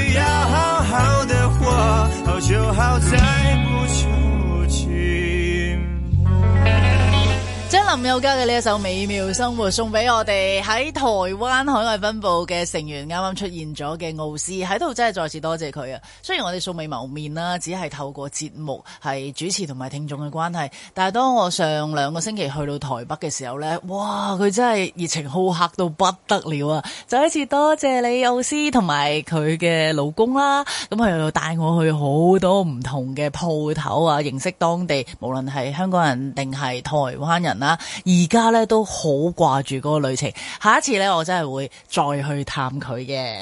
林宥嘉嘅呢一首《美妙生活》送俾我哋喺台灣海外分布嘅成員，啱啱出現咗嘅奧斯喺度，真係再次多謝佢啊！雖然我哋素未謀面啦，只係透過節目係主持同埋聽眾嘅關係，但係當我上兩個星期去到台北嘅時候呢，哇！佢真係熱情好客到不得了啊！再一次多謝你奧斯同埋佢嘅老公啦，咁佢又帶我去好多唔同嘅鋪頭啊，認識當地，無論係香港人定係台灣人啦。而家咧，都好掛住嗰個旅程，下一次咧，我真係會再去探佢嘅。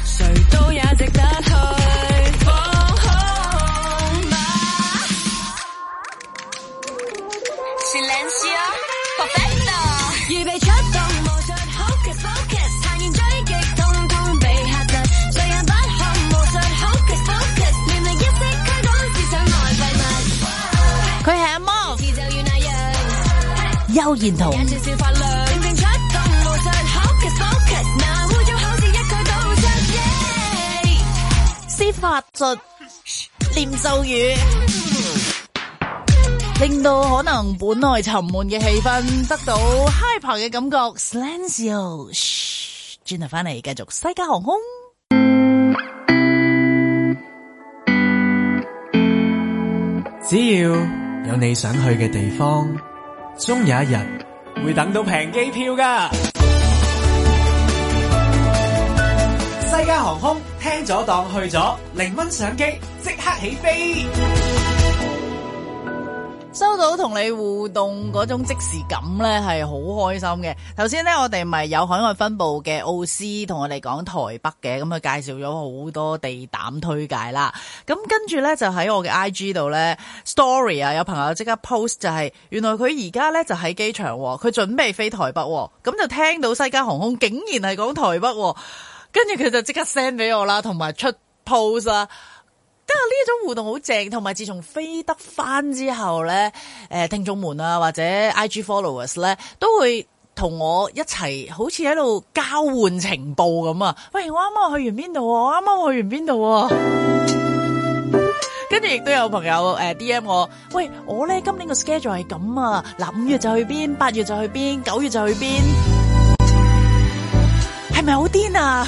施法術，念咒語，令到可能本來沉悶嘅氣氛得到 hyper 嘅感覺。Slensio，轉頭翻嚟繼續西加航空。只要有你想去嘅地方。終有一日會等到平機票噶，西加航空聽咗檔去咗零蚊上機，即刻起飛。收到同你互動嗰種即時感呢係好開心嘅。頭先呢，我哋咪有海外分部嘅奧斯同我哋講台北嘅，咁佢介紹咗好多地膽推介啦。咁跟住呢，就喺我嘅 IG 度呢 story 啊，有朋友即刻 post 就係、是、原來佢而家呢就喺機場，佢準備飛台北，咁就聽到西加航空竟然係講台北，跟住佢就即刻 send 俾我啦，同埋出 post 啦。咁啊！呢一種互動好正，同埋自從飛得翻之後咧，誒，聽眾們啊，或者 IG followers 咧，都會同我一齊，好似喺度交換情報咁啊！喂，我啱啱去完邊度，啊，我啱啱去完邊度，啊，跟住亦都有朋友誒 DM 我，喂，我咧今年個 schedule 係咁啊！嗱，五月就去邊，八月就去邊，九月就去邊，係咪好癲啊？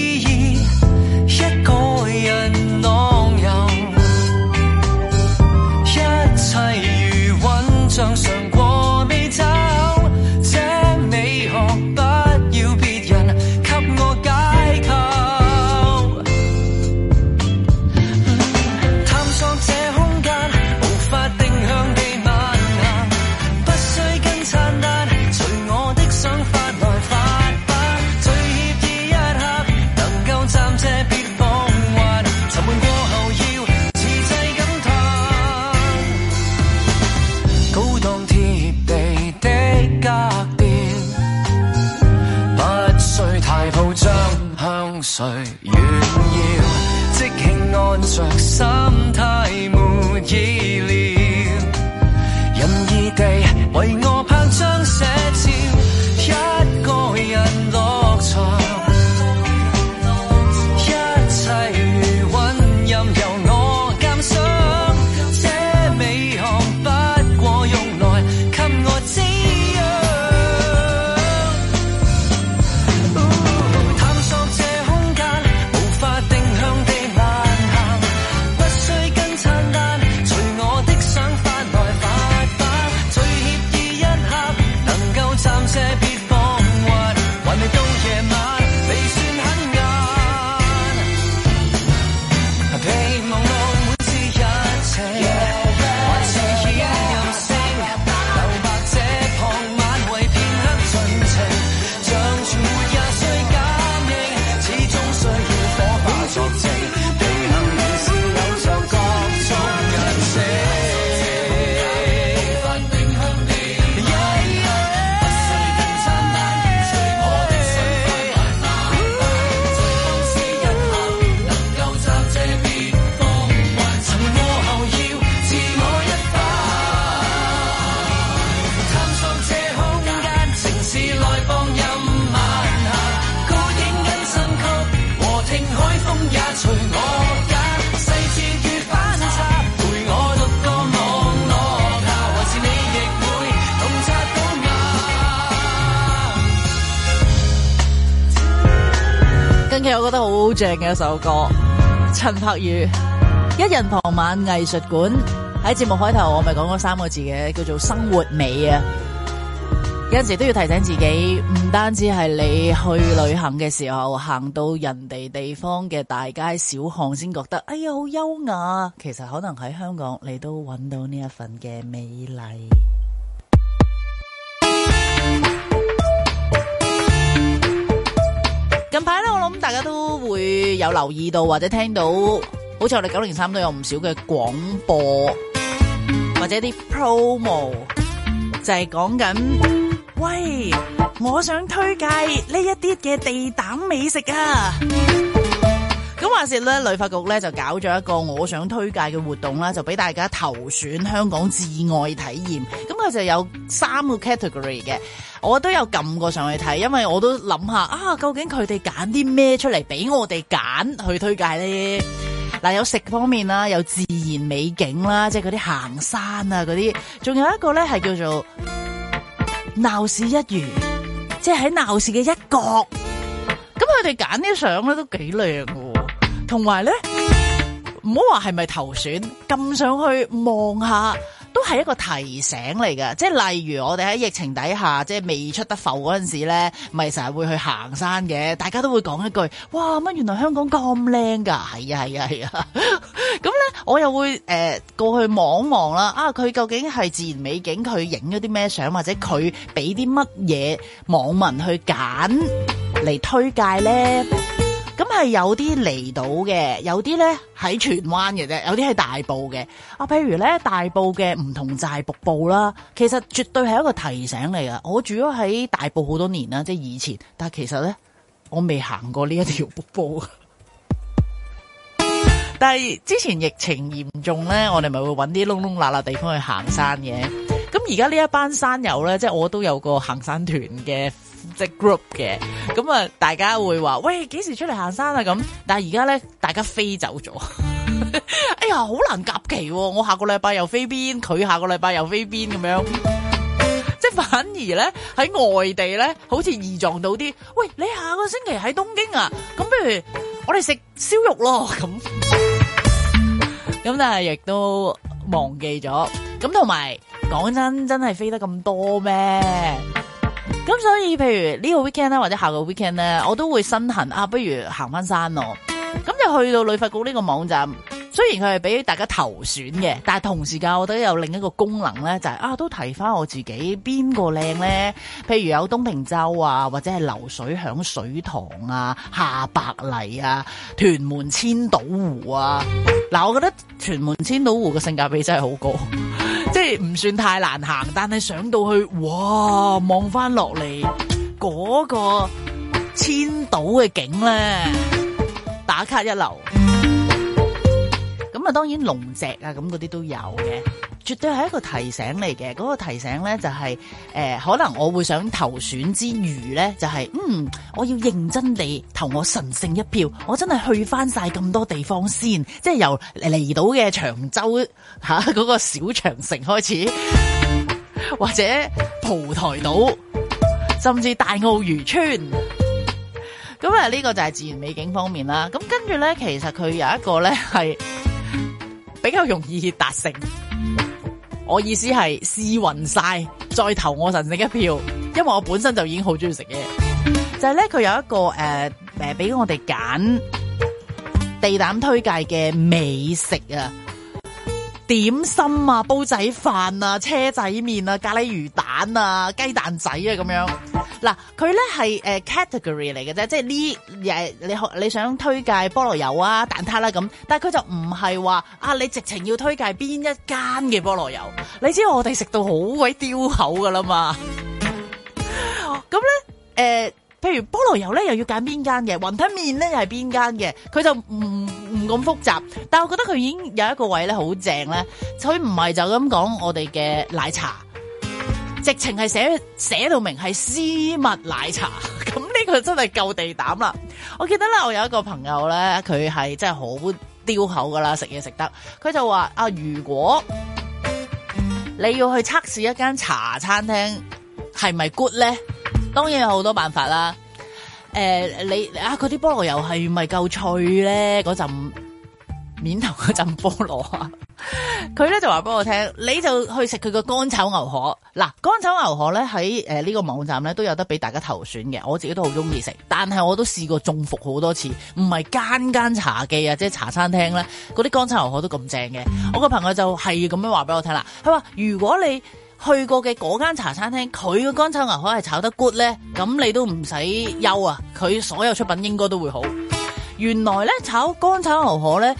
正嘅一首歌，陳柏宇《一人傍晚藝術館》喺節目開頭，我咪講過三個字嘅，叫做生活美啊！有陣時都要提醒自己，唔單止係你去旅行嘅時候，行到人哋地方嘅大街小巷，先覺得哎呀好優雅。其實可能喺香港，你都揾到呢一份嘅美麗。有留意到或者聽到，好似我哋九零三都有唔少嘅廣播或者啲 promo，就係講緊，喂，我想推介呢一啲嘅地膽美食啊！話說咧，旅發局咧就搞咗一個我想推介嘅活動啦，就俾大家投選香港至愛體驗。咁佢就有三個 category 嘅，我都有撳過上去睇，因為我都諗下啊，究竟佢哋揀啲咩出嚟俾我哋揀去推介呢？嗱、啊，有食方面啦，有自然美景啦，即係嗰啲行山啊嗰啲，仲有一個咧係叫做鬧市一隅，即係喺鬧市嘅一角。咁佢哋揀啲相咧都幾靚喎。同埋咧，唔好話係咪投選，咁上去望下都係一個提醒嚟噶。即係例如我哋喺疫情底下，即係未出得埠嗰陣時咧，咪成日會去行山嘅，大家都會講一句：哇，乜原來香港咁靚噶？係啊，係啊，係啊。咁 咧、嗯，我又會誒、呃、過去望望啦。啊，佢究竟係自然美景，佢影咗啲咩相，或者佢俾啲乜嘢網民去揀嚟推介咧？咁係有啲離島嘅，有啲咧喺荃灣嘅啫，有啲係大埔嘅。啊，譬如咧大埔嘅唔同寨瀑布啦，其實絕對係一個提醒嚟㗎。我住咗喺大埔好多年啦，即係以前，但係其實咧我未行過呢一條瀑布。 但係之前疫情嚴重咧，我哋咪會搵啲窿窿罅罅地方去行山嘅。咁而家呢一班山友咧，即係我都有個行山團嘅。即 group 嘅，咁啊，大家會話喂，幾時出嚟行山啊？咁，但係而家咧，大家飛走咗， 哎呀，好難夾期啊。我下個禮拜又飛邊，佢下個禮拜又飛邊，咁樣，即係反而咧喺外地咧，好似易撞到啲喂，你下個星期喺東京啊？咁不如我哋食燒肉咯？咁，咁但係亦都忘記咗。咁同埋講真，真係飛得咁多咩？咁所以，譬如呢個 weekend 咧，或者下個 weekend 咧，我都會身痕啊，不如行翻山咯。咁就去到旅發局呢個網站，雖然佢係俾大家投選嘅，但係同時間，我覺得有另一個功能咧，就係、是、啊，都提翻我自己邊個靚咧。譬如有東平洲啊，或者係流水響水塘啊，下白泥啊，屯門千島湖啊。嗱，我覺得屯門千島湖嘅性價比真係好高。 即係唔算太難行，但係上到去，哇！望翻落嚟嗰個千島嘅景咧，打卡一流。咁啊，當然龍脊啊，咁嗰啲都有嘅。絕對係一個提醒嚟嘅，嗰、那個提醒咧就係、是、誒、呃，可能我會想投選之餘咧，就係、是、嗯，我要認真地投我神聖一票，我真係去翻晒咁多地方先，即係由離島嘅長洲吓嗰、啊那個小長城開始，或者蒲台島，甚至大澳漁村。咁啊，呢、這個就係自然美景方面啦。咁跟住咧，其實佢有一個咧係比較容易達成。我意思係試勻晒，再投我神聖一票，因為我本身就已經好中意食嘢。就係咧，佢有一個誒誒俾我哋揀地膽推介嘅美食啊！點心啊，煲仔飯啊，車仔麵啊，咖喱魚蛋啊，雞蛋仔啊，咁樣。嗱、啊，佢咧係誒 category 嚟嘅啫，即係呢誒，你你想推介菠蘿油啊，蛋撻啦咁，但係佢就唔係話啊，你直情要推介邊一間嘅菠蘿油？你知道我哋食到好鬼刁口噶啦嘛？咁 咧，誒、啊，譬如菠蘿油咧又要揀邊間嘅，雲吞麵咧又係邊間嘅，佢就唔。嗯咁複雜，但係我覺得佢已經有一個位咧好正咧，佢唔係就咁講我哋嘅奶茶，直情係寫，寫到明係絲襪奶茶，咁呢個真係夠地膽啦！我記得呢，我有一個朋友咧，佢係真係好刁口噶啦，食嘢食得，佢就話啊，如果你要去測試一間茶餐廳係咪 good 咧，當然有好多辦法啦。誒、呃，你啊，嗰啲菠蘿油係咪夠脆咧？嗰陣面頭嗰陣菠蘿啊，佢 咧就話俾我聽，你就去食佢個乾炒牛河。嗱、啊，乾炒牛河咧喺誒呢、呃這個網站咧都有得俾大家投選嘅，我自己都好中意食。但係我都試過中伏好多次，唔係間間茶記啊，即係茶餐廳咧嗰啲乾炒牛河都咁正嘅。我個朋友就係咁樣話俾我聽啦，佢、啊、話如果你。去過嘅嗰間茶餐廳，佢嘅乾炒牛河係炒得 good 咧，咁你都唔使憂啊！佢所有出品應該都會好。原來咧炒乾炒牛河咧，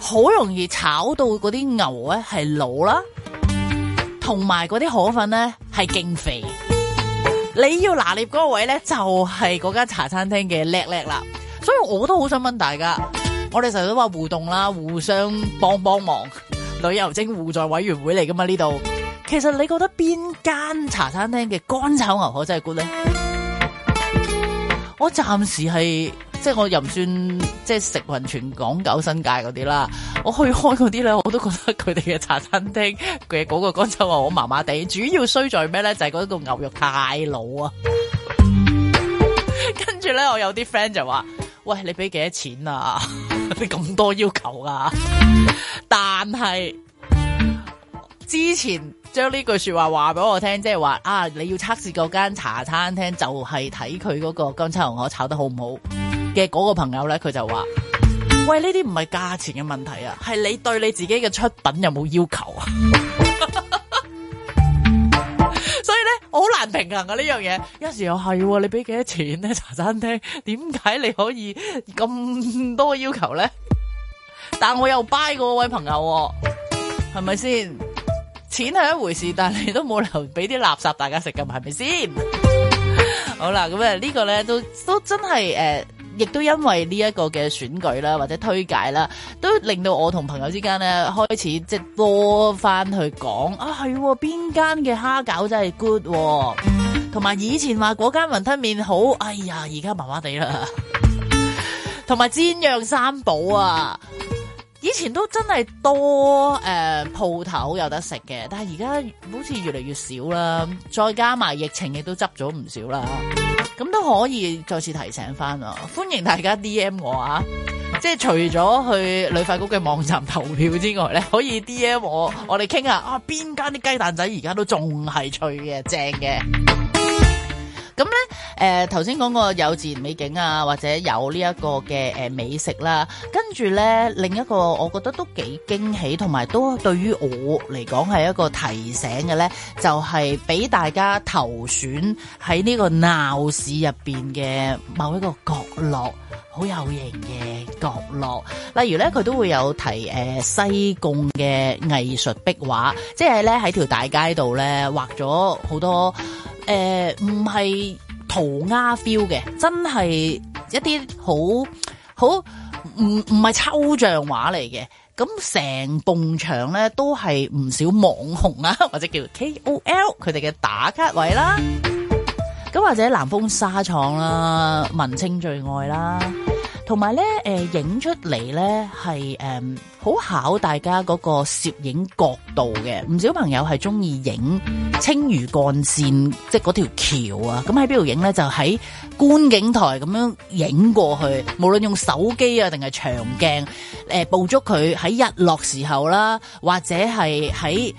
好容易炒到嗰啲牛咧係老啦，同埋嗰啲河粉咧係勁肥。你要拿捏嗰個位咧，就係嗰間茶餐廳嘅叻叻啦。所以我都好想問大家，我哋成日都話互動啦，互相幫幫忙，旅遊精互助委員會嚟噶嘛呢度。其實你覺得邊間茶餐廳嘅乾炒牛河真係 good 咧？我暫時係即係我又唔算即係食匀全港九新界嗰啲啦。我去開嗰啲咧，我都覺得佢哋嘅茶餐廳嘅嗰個乾炒牛河麻麻地。主要衰在咩咧？就係嗰個牛肉太老啊。跟住咧，我有啲 friend 就話：喂，你俾幾多錢啊？ 你咁多要求啊？但係之前。將呢句說話話俾我聽，即係話啊！你要測試嗰間茶餐廳，就係睇佢嗰個乾炒牛河炒得好唔好嘅嗰個朋友咧，佢就話：喂，呢啲唔係價錢嘅問題啊，係你對你自己嘅出品有冇要求啊？ 所以咧，我好難平衡啊。有啊呢樣嘢。有時又係你俾幾多錢咧？茶餐廳點解你可以咁多要求咧？ 但我又 buy 嗰位朋友，哦，係咪先？錢係一回事，但係都冇留俾啲垃圾大家食噶，係咪先？ 好啦，咁啊呢個咧都都真係誒、呃，亦都因為呢一個嘅選舉啦，或者推介啦，都令到我同朋友之間咧開始即係多翻去講啊，係邊間嘅蝦餃真係 good，同、哦、埋以前話嗰間雲吞麵好，哎呀而家麻麻地啦，同埋 煎釀三寶啊！以前都真係多誒、呃、鋪頭有得食嘅，但係而家好似越嚟越少啦。再加埋疫情亦都執咗唔少啦。咁都可以再次提醒翻啊！歡迎大家 DM 我啊，即係除咗去旅發局嘅網站投票之外咧，可以 DM 我，我哋傾下啊邊間啲雞蛋仔而家都仲係脆嘅正嘅。咁咧，誒頭先講過有自然美景啊，或者有呢一個嘅美食啦，跟住咧另一個我覺得都幾驚喜，同埋都對於我嚟講係一個提醒嘅咧，就係、是、俾大家投選喺呢個鬧市入邊嘅某一個角落。好有型嘅角落，例如咧佢都會有提誒、呃、西貢嘅藝術壁畫，即係咧喺條大街度咧畫咗好多誒唔、呃、係塗鴉 feel 嘅，真係一啲好好唔唔係抽象畫嚟嘅，咁成埲牆咧都係唔少網紅啊或者叫 KOL 佢哋嘅打卡位啦。咁或者南風沙廠啦，文青最愛啦，同埋咧，誒、呃、影出嚟咧係誒好考大家嗰個攝影角度嘅，唔少朋友係中意影青嶼幹線，即係嗰條橋啊。咁喺邊度影咧？就喺觀景台咁樣影過去，無論用手機啊，定係長鏡，誒、呃、捕捉佢喺日落時候啦，或者係喺。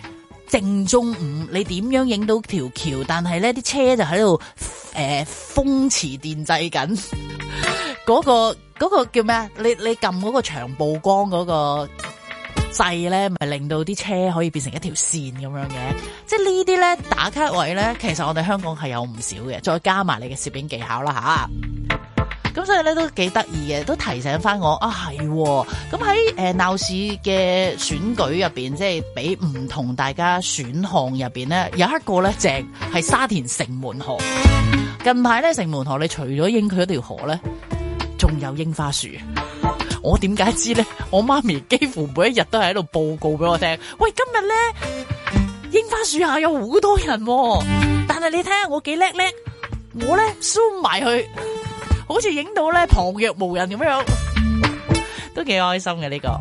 正中午，你點樣影到條橋？但係呢啲車就喺度誒風馳電掣緊，嗰、 嗰個嗰、嗰個叫咩啊？你你撳嗰個長曝光嗰個掣呢咪、咪、令到啲車可以變成一條線咁樣嘅。即係呢啲呢打卡位呢，其實我哋香港係有唔少嘅。再加埋你嘅攝影技巧啦，吓！咁、嗯、所以咧都幾得意嘅，都提醒翻我啊，係咁喺誒鬧市嘅選舉入邊，即係俾唔同大家選項入邊咧，有一個咧淨係沙田城門河。近排咧城門河，你除咗應佢嗰條河咧，仲有櫻花樹。我點解知咧？我媽咪幾乎每一日都係喺度報告俾我聽，喂今日咧櫻花樹下有好多人，哦，但係你睇下我幾叻叻，我咧收埋佢。好似影到咧旁若無人咁樣，都幾開心嘅呢、這個。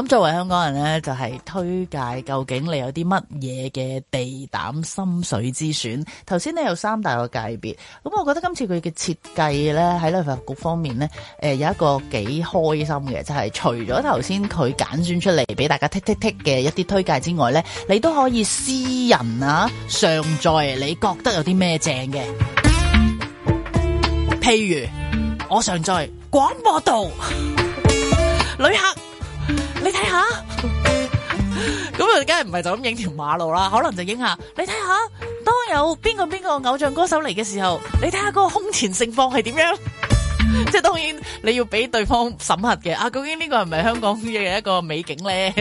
咁作為香港人咧，就係、是、推介究竟你有啲乜嘢嘅地膽心水之選。頭先呢，有三大個界別，咁我覺得今次佢嘅設計咧喺旅發局方面咧，誒、呃、有一個幾開心嘅，就係、是、除咗頭先佢揀選出嚟俾大家剔剔剔嘅一啲推介之外咧，你都可以私人啊，上載你覺得有啲咩正嘅。譬如我常在廣播道，旅客，你睇下，咁啊，梗係唔係就咁影條馬路啦，可能就影下，你睇下，當有邊個邊個偶像歌手嚟嘅時候，你睇下個空前盛況係點樣，即 係當然你要俾對方審核嘅啊，究竟呢個係唔係香港嘅一個美景咧？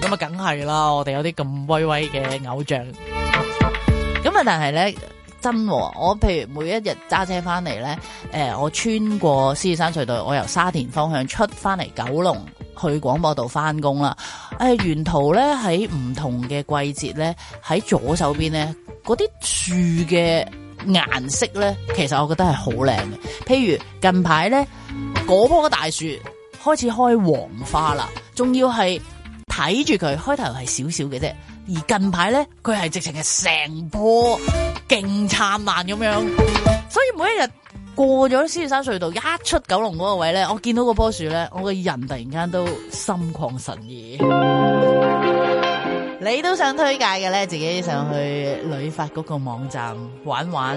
咁啊，梗係啦，我哋有啲咁威威嘅偶像，咁 啊，但係咧。真喎，我譬如每一日揸車翻嚟呢。誒、呃，我穿過獅子山隧道，我由沙田方向出翻嚟九龍去廣播道翻工啦。誒、呃，沿途呢，喺唔同嘅季節呢，喺左手邊呢嗰啲樹嘅顏色呢，其實我覺得係好靚嘅。譬如近排呢，嗰棵大樹開始開黃花啦，仲要係睇住佢開頭係少少嘅啫。而近排咧，佢係直情係成棵勁燦爛咁樣，所以每一日過咗獅子山隧道，一出九龍嗰個位咧，我見到嗰棵樹咧，我個人突然間都心曠神怡。你都想推介嘅咧，自己上去旅發嗰個網站玩玩，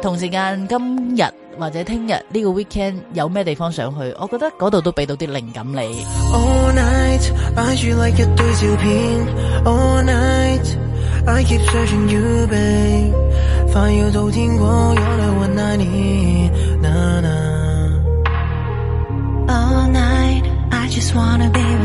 同時間今日或者聽日呢個 weekend 有咩地方想去，我覺得嗰度都俾到啲靈感你。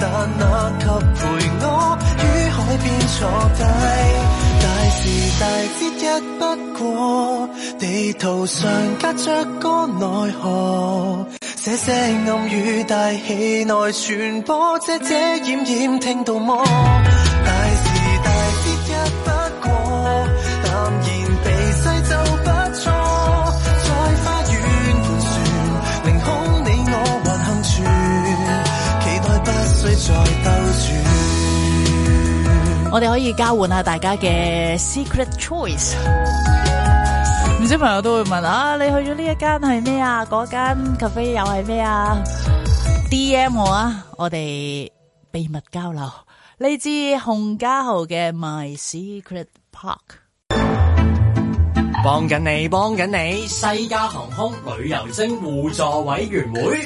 但那及陪我於海邊坐低？大時大節日不過，地圖上隔着個奈何。這些暗語大氣內傳播，遮遮掩掩聽到麼？我哋可以交換下大家嘅 secret choice。唔少朋友都會問啊，你去咗呢一間係咩啊？嗰間 cafe 又係咩啊？DM 我啊，我哋秘密交流。呢支洪嘉豪嘅 My Secret Park。幫緊你，幫緊你，西加航空旅遊精互助委員會。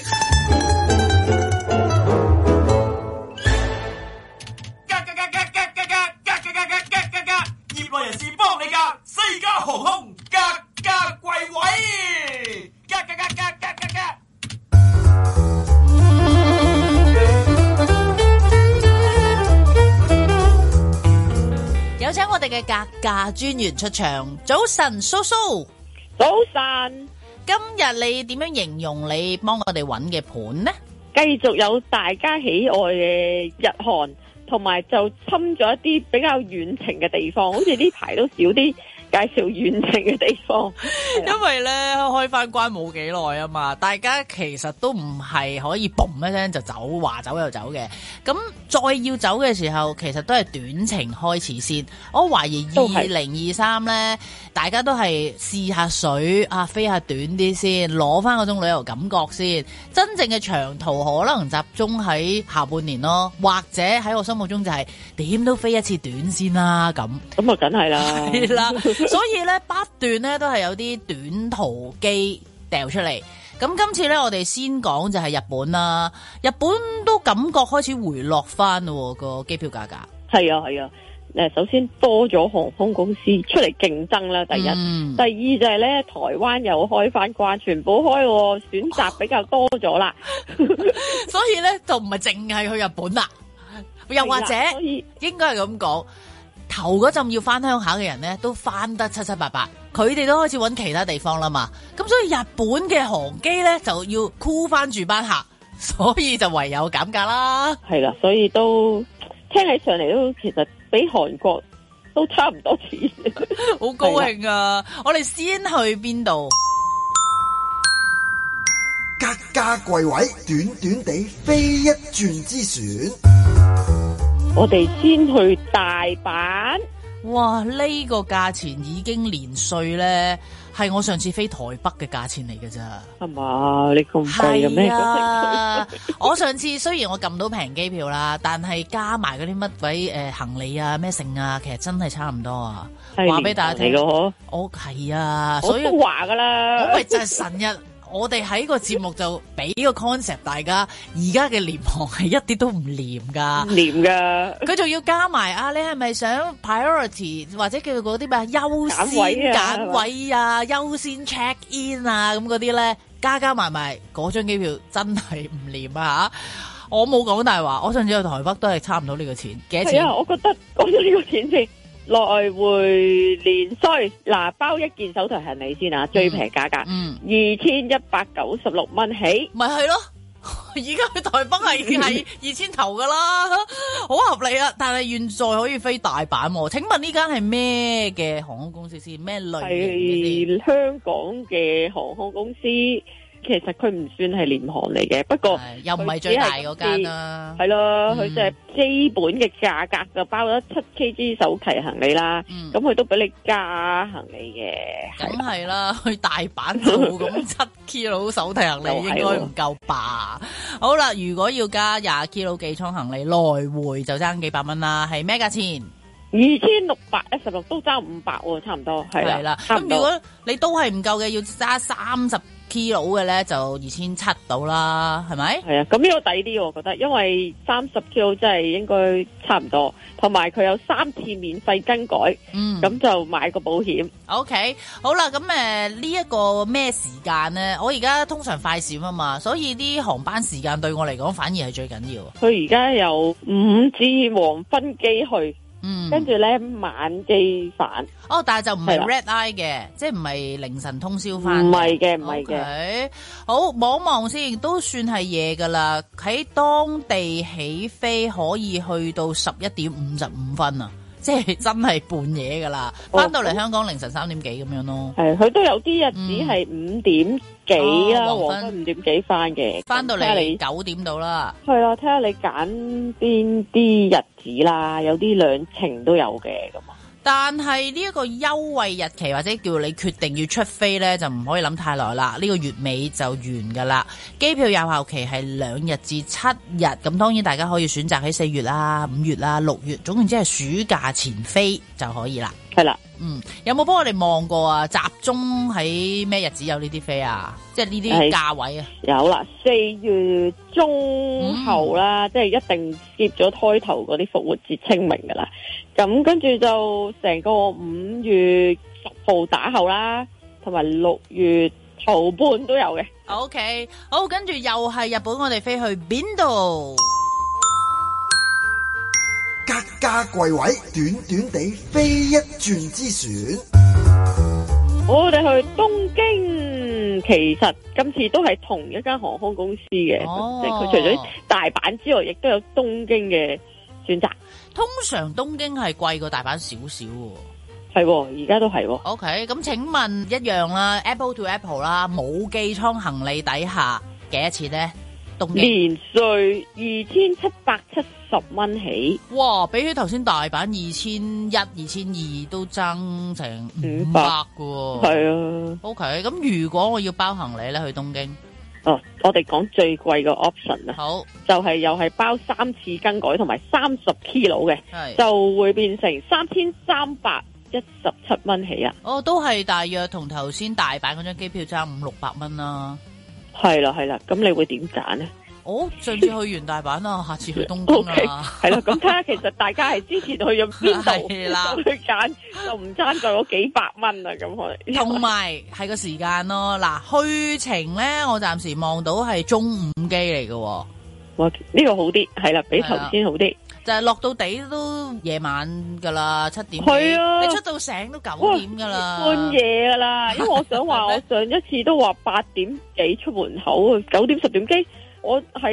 特價專員出場，早晨，蘇蘇，早晨，今日你點樣形容你幫我哋揾嘅盤呢？繼續有大家喜愛嘅日韓，同埋就侵咗一啲比較遠程嘅地方，好似呢排都少啲。介紹遠程嘅地方，因為呢開翻關冇幾耐啊嘛，大家其實都唔係可以嘣一聲就走，話走又走嘅。咁再要走嘅時候，其實都係短程開始先。我懷疑二零二三呢，是大家都係試下水啊，飛下短啲先，攞翻嗰種旅遊感覺先。真正嘅長途可能集中喺下半年咯，或者喺我心目中就係、是、點都飛一次短綫先啦。咁咁啊，梗係啦，啦。 所以咧不斷咧都係有啲短途機掉出嚟，咁今次咧我哋先講就係日本啦，日本都感覺開始回落翻咯個機票價格。係啊係啊，誒首先多咗航空公司出嚟競爭啦，第一，嗯、第二就係咧台灣又開翻關，全部開，選擇比較多咗啦， 所以咧就唔係淨係去日本啦，又或者所以應該係咁講。頭嗰陣要翻鄉下嘅人咧，都翻得七七八八，佢哋都開始揾其他地方啦嘛。咁所以日本嘅航機咧就要箍翻住班客，所以就唯有減價啦。係啦，所以都聽起上嚟都其實比韓國都差唔多錢。好 高興啊！的我哋先去邊度？格價櫃位，短短地飛一轉之選。我哋先去大阪，哇！呢、這個價錢已經連稅咧，係我上次飛台北嘅價錢嚟噶咋，係嘛？你咁貴有咩？啊、我上次雖然我撳到平機票啦，但係加埋嗰啲乜鬼誒行李啊咩剩啊，其實真係差唔多啊。話俾大家聽，你好我係啊，所以話噶啦，我咪真係神一。 我哋喺個節目就俾個 concept 大家概念，而家嘅廉航係一啲都唔廉噶廉噶佢仲要加埋啊，你係咪想 priority 或者叫嗰啲咩優先揀位啊、優先 check in 啊咁嗰啲咧，加加埋埋嗰張機票真係唔廉啊！我冇講大話，我上次去台北都係差唔多呢個錢。幾多錢？我覺得講咗呢個錢先。 來回連稅，嗱，包一件手提行李先啊，最平價格二千一百九十六蚊起，咪係咯，而家去台北係係二千頭噶啦，好合理啊！但係現在可以飛大阪，請問呢間係咩嘅航空公司先？咩類型先？係香港嘅航空公司。其實佢唔算係廉航嚟嘅，不過又唔係最大嗰間啦。係咯，佢吧、嗯、就係基本嘅價格就包咗七 K G 手提行李啦。咁佢、嗯、都俾你加行李嘅。梗係啦，去的、嗯、大阪咁七 K G 手提行李應該唔夠吧？哦、好啦，如果要加廿 K G 寄艙行李來回就爭幾百蚊啦。係咩價錢？二千六百一十六都爭五百，差唔多係啦。咁了如果你都係唔夠嘅，要揸三十。Kilo 嘅呢就二千七到啦，係咪？係啊，咁呢個抵啲我覺得，因為三十 Kilo 真係應該差唔多，同埋佢有三次免費更改，咁、嗯、就買個保險。OK，好啦，咁誒呢一個咩時間呢？我而家通常快閃啊嘛，所以啲航班時間對我嚟講反而係最緊要。佢而家有五至黃昏機去。嗯，跟住咧晚機翻哦，但係就唔係 red eye 嘅，是的即係唔係凌晨通宵翻，唔係嘅，唔係嘅。Okay. 好，望望先，都算係夜噶啦。喺當地起飛可以去到十一點五十五分啊，即係真係半夜噶啦。翻、哦、到嚟香港凌晨三點幾咁樣咯。係、哦，佢都有啲日子係五點。嗯幾啊？黃昏五點幾翻嘅，翻到嚟九點到啦。係啦，睇下你揀邊啲日子啦，有啲兩程都有嘅咁啊。但係呢一個優惠日期或者叫你決定要出飛呢，就唔可以諗太耐啦。呢、呢個月尾就完噶啦。機票有效期係兩日至七日，咁當然大家可以選擇喺四月啦、五月啦、六月，總然之係暑假前飛就可以啦。係啦，嗯，有冇幫我哋望過啊？集中喺咩日子有呢啲飛啊？即係呢啲價位啊？有啦，四月中後啦，嗯、即係一定接咗開頭嗰啲復活節、清明噶啦。咁跟住就成個五月十號打後啦，同埋六月頭半都有嘅。OK，好，跟住又係日本，我哋飛去邊度？各家貴位，短短地飛一轉之選。我哋去東京，其實今次都係同一間航空公司嘅，即係佢除咗大阪之外，亦都有東京嘅選擇。通常東京係貴過大阪少少喎，係喎，而家都係喎。OK，咁請問一樣啦，Apple to Apple 啦，冇機艙行李底下幾多錢呢？年稅二千七百七十蚊起，哇！比起頭先大阪二千一、二千二都爭成五百嘅，係啊。OK，咁如果我要包行李咧去東京，哦，我哋講最貴嘅 option 啊，好，就係又係包三次更改同埋三十 kilo 嘅，是就會變成三千三百一十七蚊起啊。哦，都係大約同頭先大阪嗰張機票差五六百蚊啦。係啦，係啦，咁你會點揀咧？哦，上次去完大阪啦， 下次去東京啦。係啦、okay.，咁睇下，其實大家係之前去咗邊度？係啦 了，去揀就唔差在嗰幾百蚊啦。咁我哋同埋係個時間咯。嗱，去程咧，我暫時望到係中午機嚟嘅。哇，呢個好啲，係啦，比頭先好啲。就係落到底都夜晚噶啦，七點係啊，你出到醒都九點噶啦，半夜噶啦。因為我想話我上一次都話八點幾出門口，九點十點幾，我喺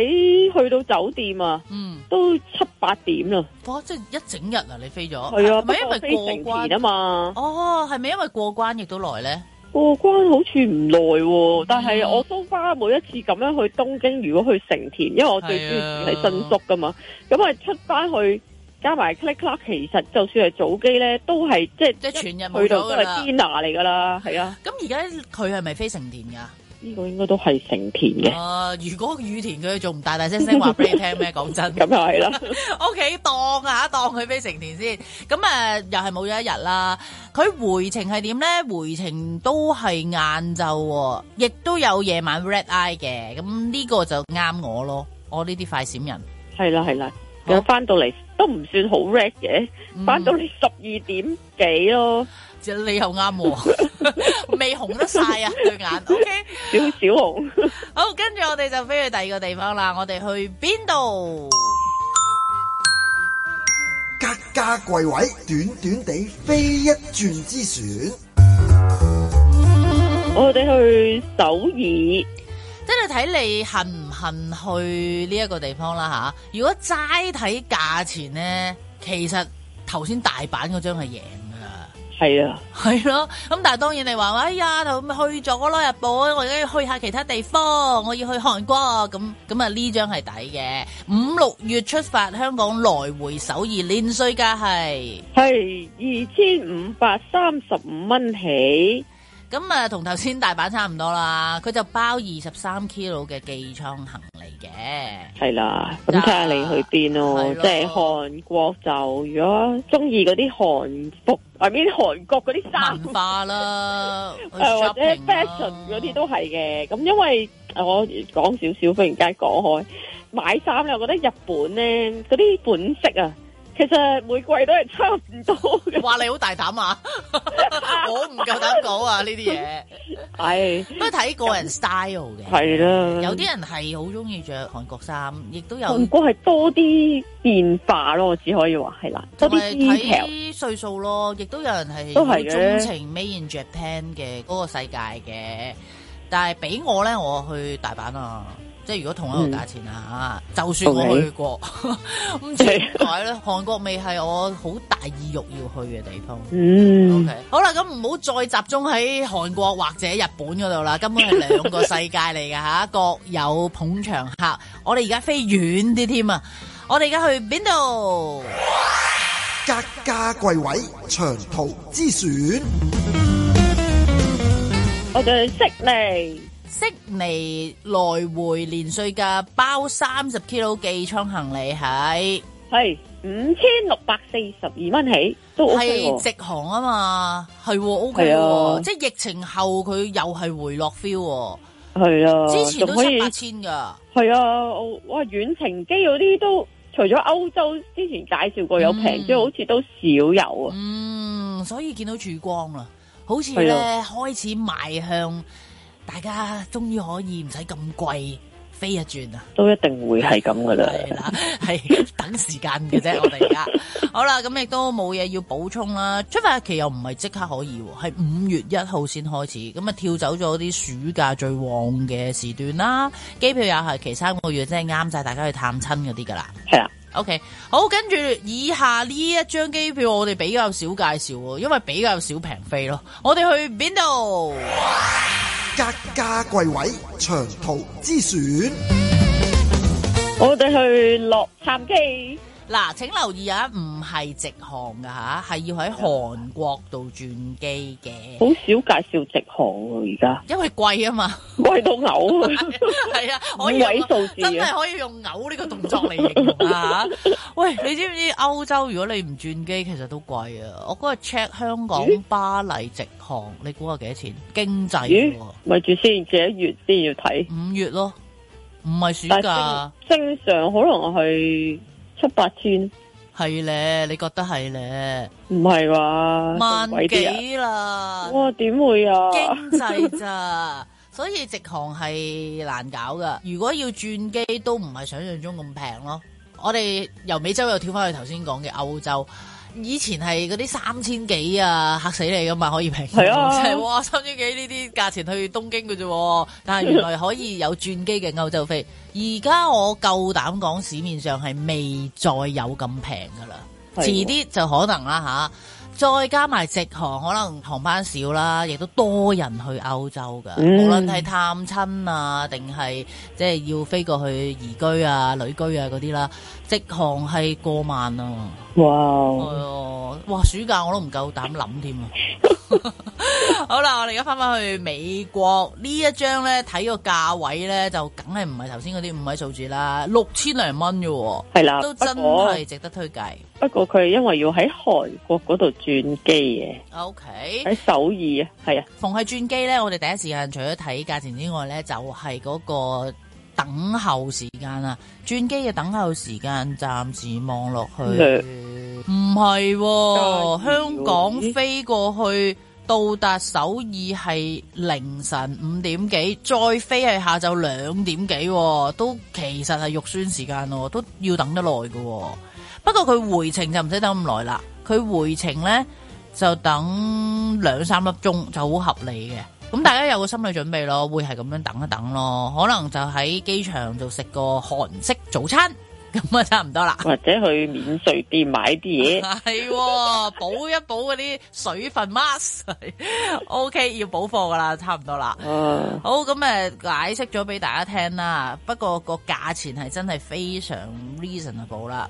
去到酒店啊，都七八點啦。哇，即係一整日啊！你飛咗？係啊，唔係因為過關啊嘛？哦，係咪因為過關亦都耐呢？過、哦、關好似唔耐喎，但係我都、so、花每一次咁樣去東京，如果去成田，因為我最中意係新宿㗎嘛，咁是啊我出翻去加埋 click clock，其實就算係早機咧，都係即係即係全日去到都係 dinner 嚟㗎啦，係啊。咁而家佢係咪飛成田㗎？呢個應該都係成田嘅。啊、呃，如果羽田佢仲唔大大聲聲話俾你聽咩？講真。咁又係啦。屋企當啊，當佢俾成田先。咁啊、呃，又係冇咗一日啦。佢回程係點咧？回程都係晏晝，亦都有夜晚 red eye 嘅。咁呢個就啱我咯。我呢啲快閃人。係啦係啦，我翻、啊、到嚟都唔算好 red 嘅，翻、嗯、到嚟十二點幾咯。你又啱喎、啊，未 紅得晒啊對眼 ，OK，小，小紅，好，跟住我哋就飛去第二個地方啦，我哋去邊度？格價櫃位，短短地飛一轉之船，我哋去首爾，即係睇你恨唔恨去呢一個地方啦吓。如果齋睇價錢咧，其實頭先大阪嗰張係贏。係啊，係咯，咁但係當然你話，哎呀，去咗咯，日本，我而家要去下其他地方，我要去韓國，咁咁啊呢張係抵嘅，五六月出發香港來回首爾，連稅價係係二千五百三十五蚊起。咁啊，同頭先大阪差唔多啦，佢就包二十三 kilo 嘅寄倉行李嘅。係啦，咁睇下你去邊咯，的即係韓國就如果中意嗰啲韓服，或者 I 啲 mean, 韓國嗰啲衫化啦， 去 shopping 或者 fashion 嗰啲了都係嘅。咁因為我講少少，忽然間講開買衫咧，我覺得日本咧嗰啲款式啊～其實每季都係差唔多嘅。話你好大膽 啊！我唔夠膽講啊呢啲嘢，係、哎、都係睇個人 style 嘅。係啦，有啲人係好中意着韓國衫，亦都有。如果係多啲變化咯，我只可以話係啦。都係睇啲歲數咯，亦都有人係都係鍾情 Made in Japan 嘅嗰個世界嘅。但係俾我咧，我去大阪啊。即係如果同一個價錢、嗯、啊就算我去過，咁點解咧？Okay. 韓國未係我好大意欲要去嘅地方。嗯，OK，好啦，咁唔好再集中喺韓國或者日本嗰度啦，根本係兩個世界嚟嘅嚇。 各有捧場客，我哋而家飛遠啲添啊！我哋而家去邊度？格家貴位長途之選，我哋去悉尼。悉尼來回連稅嘅包三十 kilo 寄倉行李係係五千六百四十二蚊起，都係直航啊嘛，係，O K，即係疫情後佢又係回落 feel，係啊，之前都七八千噶，係啊，哇，遠程機嗰啲都除咗歐洲之前介紹過有平，之後好似都少有啊，嗯，所以見到曙光啦，好似咧開始邁向。大家終於可以唔使咁貴飛一轉啊！都一定會係咁噶啦，係 等時間嘅啫， 我哋而家好啦，咁亦都冇嘢要補充啦。出發日期又唔係即刻可以，係五月一號先開始，咁啊跳走咗啲暑假最旺嘅時段啦。機票又係期三個月，真係啱晒大家去探親嗰啲噶啦。係啊的，OK，好，跟住以下呢一張機票，我哋比較少介紹，因為比較少平飛咯。我哋去邊度？格價貴位長途之選，我哋去洛杉磯。嗱，請留意啊，唔係直航噶吓，係要喺韓國度轉機嘅。好少介紹直航啊，而家因為貴啊嘛，貴到嘔啊！係啊， 我以用真係可以用嘔呢、啊、個動作嚟形容啊 喂，你知唔知歐洲如果你唔轉機，其實都貴啊？我嗰日 check 香港咦巴黎直航，你估下幾多錢？經濟？咪住先，借一月先要睇？五月咯，唔係暑假。正常可能係。一百千，係咧，你覺得係咧？唔係話萬幾啦？哇，點會啊？經濟咋， 所以直航係難搞噶。如果要轉機，都唔係想象中咁平咯。我哋由美洲又跳翻去頭先講嘅歐洲。以前係嗰啲三千幾，啊嚇死你噶嘛，可以平，係啊、即係，哇，三千幾呢啲價錢去東京噶啫，但係原來可以有轉機嘅歐洲飛。而家 我夠膽講市面上係未再有咁平噶啦，遲啲的就可能啦吓、啊，再加埋直航，可能航班少啦，亦都多人去歐洲噶，嗯、無論係探親啊定係即係要飛過去移居啊、旅居啊嗰啲啦，直航係過萬啊。Wow. 哇哦，哇暑假我都唔夠膽諗添啊！ 好啦，我哋而家翻翻去美國一張呢一張咧，睇個價位咧就梗係唔係頭先嗰啲五位數字啦，六千零蚊嘅，係啦的，都真係過值得推介。不過佢因為要喺韓國嗰度轉機嘅，OK 喺首爾啊，係啊，逢係轉機咧，我哋第一時間除咗睇價錢之外咧，就係、是、嗰個等候時間啦。轉機嘅等候時間暫時望落去。唔係、哦，香港飛過去到達首爾係凌晨五點幾，再飛係下晝兩點幾，都其實係肉酸時間咯，都要等得耐喎。不過佢回程就唔使等咁耐啦，佢回程呢就等兩三粒鐘就好合理嘅。咁大家有個心理準備咯，會係咁樣等一等咯，可能就喺機場度食個韓式早餐。咁啊，差唔多啦。或者去免稅店買啲嘢，係補、 哦、一補嗰啲水分 mask OK 要補貨噶啦，差唔多啦。唉好咁誒，解釋咗俾大家聽啦。不過個價錢係真係非常 reasonable 啦。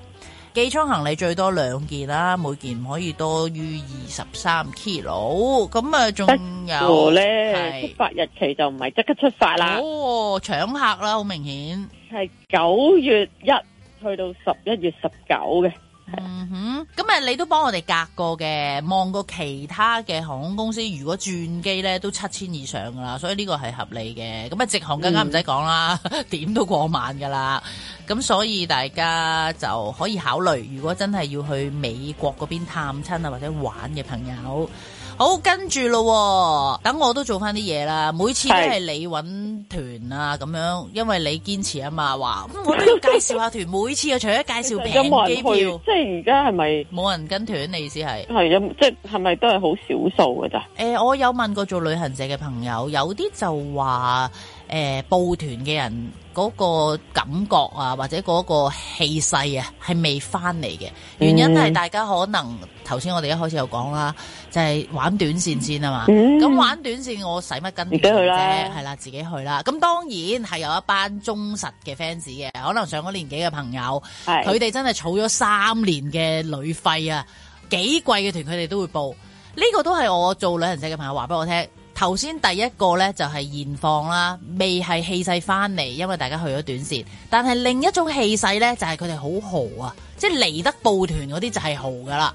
寄艙行李最多兩件啦，每件唔可以多於二十三 kilo。咁啊，仲有咧，出發日期就唔係即刻出發啦。搶、哦、客啦，好明顯係九月一。去到十一月十九嘅。嗯哼，咁啊，你都幫我哋隔過嘅，望過其他嘅航空公司，如果轉機呢都七千以上噶啦，所以呢個係合理嘅。咁啊直航更加唔使講啦，點、嗯、都過萬噶啦，咁所以大家就可以考慮，如果真係要去美國嗰邊探親啊或者玩嘅朋友。.好，跟住咯、哦，等我都做翻啲嘢啦。每次都係你搵團啊，咁是樣，因為你堅持啊嘛，話咁我都要介紹下團。 每次啊，除咗介紹平機票，即係而家係咪冇人跟團？你意思係，係啊，即係係咪都係好少數噶咋？誒、欸，我有問過做旅行社嘅朋友，有啲就話。誒，報、呃、團嘅人嗰個感覺啊，或者嗰個氣勢啊，係未翻嚟嘅原因係大家可能頭先、嗯、我哋一開始有講啦，就係、是、玩短線先啊嘛。咁、嗯、玩短線我使乜跟團？自己去啦，係啦，自己去啦。咁當然係有一班忠實嘅 fans 嘅，可能上咗年紀嘅朋友，佢哋是真係儲咗三年嘅旅費啊，幾貴嘅團佢哋都會報。呢，這個都係我做旅行社嘅朋友話俾我聽。頭先第一個呢就係現況啦，未係氣勢翻嚟，因為大家去咗短線。但係另一種氣勢呢，就係佢哋好豪啊，即係嚟得報團嗰啲就係豪㗎啦。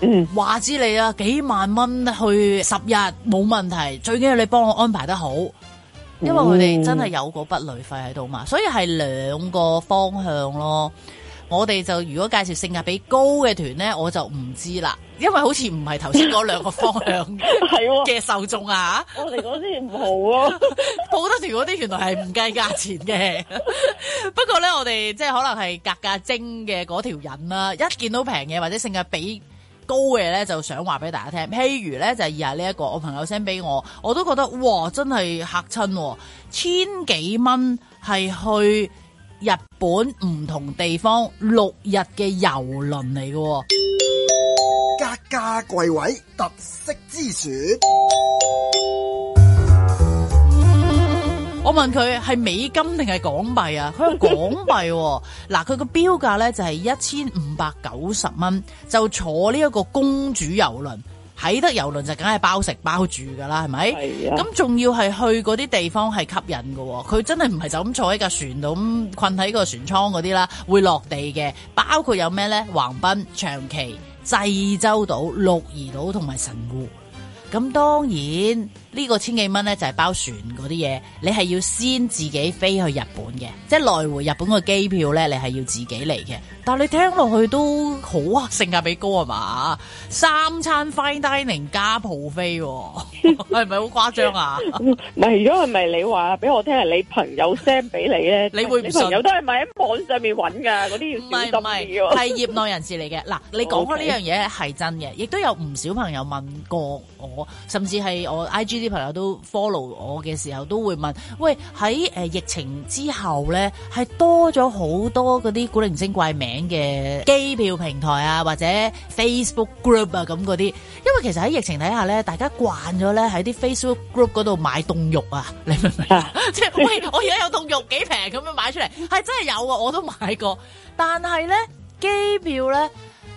嗯、話之你啊，幾萬蚊去十日冇問題，最緊要你幫我安排得好，因為佢哋真係有個不累費喺度嘛。所以係兩個方向咯。我哋就如果介紹性價比高嘅團呢，我就唔知啦，因為好似唔係頭先嗰兩個方向嘅受眾啊！ 啊 我哋嗰啲唔好啊，報 得條嗰啲原來係唔計價錢嘅。 不過呢，我哋即係可能係格價精嘅嗰條人啦，一見到平嘢或者性價比高嘅呢，就想話俾大家聽。譬如呢，就係以下呢一個，我朋友 send 俾我，我都覺得哇，真係嚇親，千幾蚊係去。日本唔同地方六日嘅遊輪嚟嘅，格價貴位，特色之選。我問佢係美金定係港幣啊？佢係港幣啊。嗱，佢個標價咧就係一千五百九十蚊，就坐呢一個公主遊輪。喺得遊輪就梗係包食包住㗎喇，係咪？咁仲、啊、要係去嗰啲地方係吸引嘅喎，佢真係唔係就咁坐喺架船度咁困喺個船艙嗰啲啦，會落地嘅。包括有咩咧？橫濱、長崎、濟州島、鹿兒島同埋神戶。咁當然。呢個千幾蚊咧就係包船嗰啲嘢，你係要先自己飛去日本嘅，即係來回日本個機票咧，你係要自己嚟嘅。但你聽落去都好啊，性價比高啊嘛？三餐 fine dining 加 buffet 喎，哦，係唔係好誇張啊？唔係，如果係咪，你話俾我聽係你朋友 send 俾你咧？你會唔信？你朋友都係咪喺網上面揾㗎？嗰啲要小心啲喎。係業內人士嚟嘅。嗱， 你講開呢樣嘢係真嘅，亦都有唔少朋友問過我，甚至係我 IG。呢啲朋友都 follow 我嘅時候，都會問：喂，喺疫情之後咧，係多咗好多嗰啲古靈精怪名嘅機票平台啊，或者 Facebook group 啊咁嗰啲。因為其實喺疫情底下咧，大家慣咗咧喺啲 Facebook group 嗰度買凍肉啊，你明唔明啊？ 即係喂，我而家有凍肉幾平，咁樣買出嚟，係真係有啊，我都買過，但係咧，機票咧，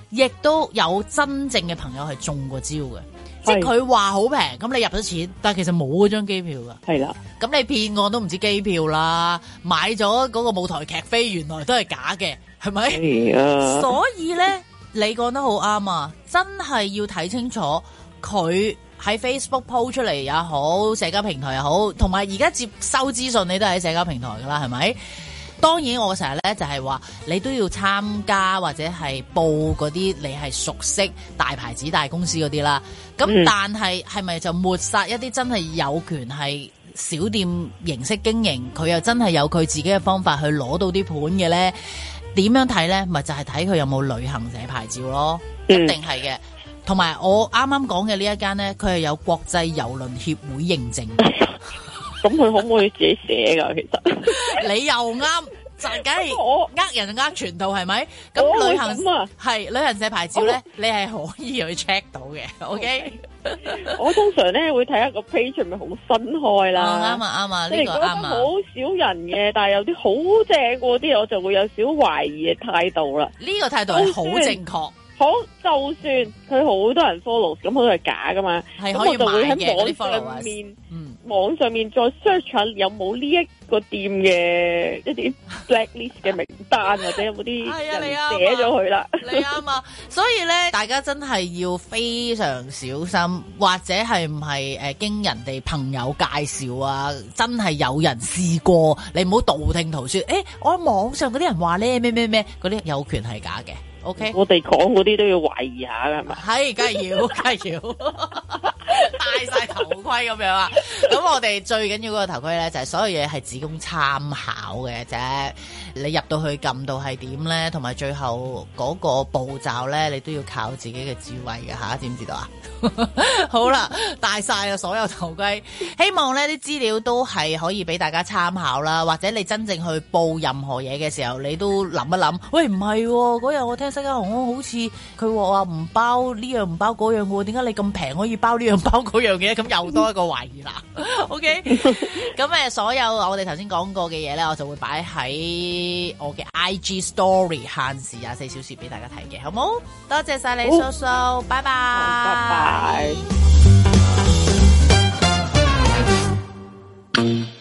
亦都有真正嘅朋友係中過招嘅。即係佢話好平，咁你入咗錢，但係其實冇嗰張機票噶，係啦的。咁你騙案都唔知機票啦，買咗嗰個舞台劇飛，原來都係假嘅，係咪？的所以呢，你講得好啱啊！ 真係要睇清楚，佢喺 Facebook post 出嚟也好，社交平台也好，同埋而家接收資訊，你都係喺社交平台噶啦，係咪？當然我，我成日咧就係話，你都要參加或者係報嗰啲你係熟悉大牌子、大公司嗰啲啦。咁但係係咪就抹殺一啲真係有權係小店形式經營，佢又真係有佢自己嘅方法去攞到啲盤嘅呢？點樣睇呢？咪就係睇佢有冇旅行社牌照咯，一定係嘅。同埋我啱啱講嘅呢一間呢，佢係有國際郵輪協會認證。咁佢 可唔可以自己寫噶？其實 你又啱，就梗係呃人呃全套係咪？咁旅行係、啊、旅行社牌照咧，我你係可以去 check 到嘅。我 OK， 我通常咧會睇一個 page 咪好新開啦。啱啊啱啊，呢個啱啊。好、啊啊啊啊這個啊、少人嘅， 但係有啲好正嗰啲我就會有少懷疑嘅態度啦。呢個態度係好正確。好，就算佢好多人 follow，咁佢都係假噶嘛。係咁我就會喺網上面。嗯。網上面再 search 下有冇呢一個店嘅一啲 blacklist 嘅名單，或者有冇啲人寫咗佢啦。係啊，嘛。所以咧，大家真係要非常小心，或者係唔係誒經人哋朋友介紹啊，真係有人試過，你唔好道聽途說。誒，我喺網上嗰啲人話咧咩咩咩，嗰啲有權係假嘅。O Okay ? K，我哋講嗰啲都要懷疑下噶係嘛？係，梗係要，梗係要 戴晒頭盔咁樣啊！咁我哋最緊要嗰個頭盔咧，就係所有嘢係只供參考嘅啫。你入到去撳到係點咧，同埋最後嗰個步驟咧，你都要靠自己嘅智慧嘅吓，知唔知道啊？ 好啦，戴晒啊，所有頭盔。希望呢啲資料都係可以俾大家參考啦，或者你真正去報任何嘢嘅時候，你都諗一諗，喂，唔係喎，嗰日我聽。我好似佢話唔包呢樣，唔包嗰樣嘅，點解你咁平可以包呢樣包嗰樣嘅？咁又多一個懷疑啦。OK，咁誒，所有我哋頭先講過嘅嘢咧，我就會擺喺我嘅 IG Story，限時廿四小時俾大家睇嘅，好唔好？多謝晒你叔叔，拜拜。拜拜。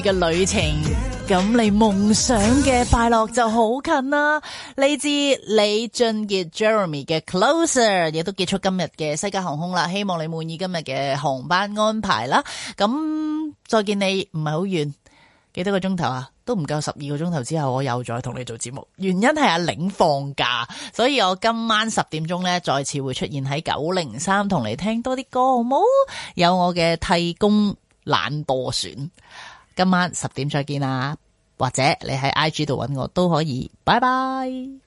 嘅旅程，咁你夢想嘅快樂就好近啦。嚟自李俊杰 Jeremy 嘅 Closer 亦都結束今日嘅西加航空啦。希望你滿意今日嘅航班安排啦。咁再見你唔係好遠，幾多個鐘頭啊？都唔夠十二個鐘頭之後，我又再同你做節目。原因係阿玲放假，所以我今晚十點鐘呢，再次會出現喺九零三，同你聽多啲歌，好冇？有我嘅替工懶播選。今晚十點再見啦，或者你喺 IG 度搵我都可以，拜拜。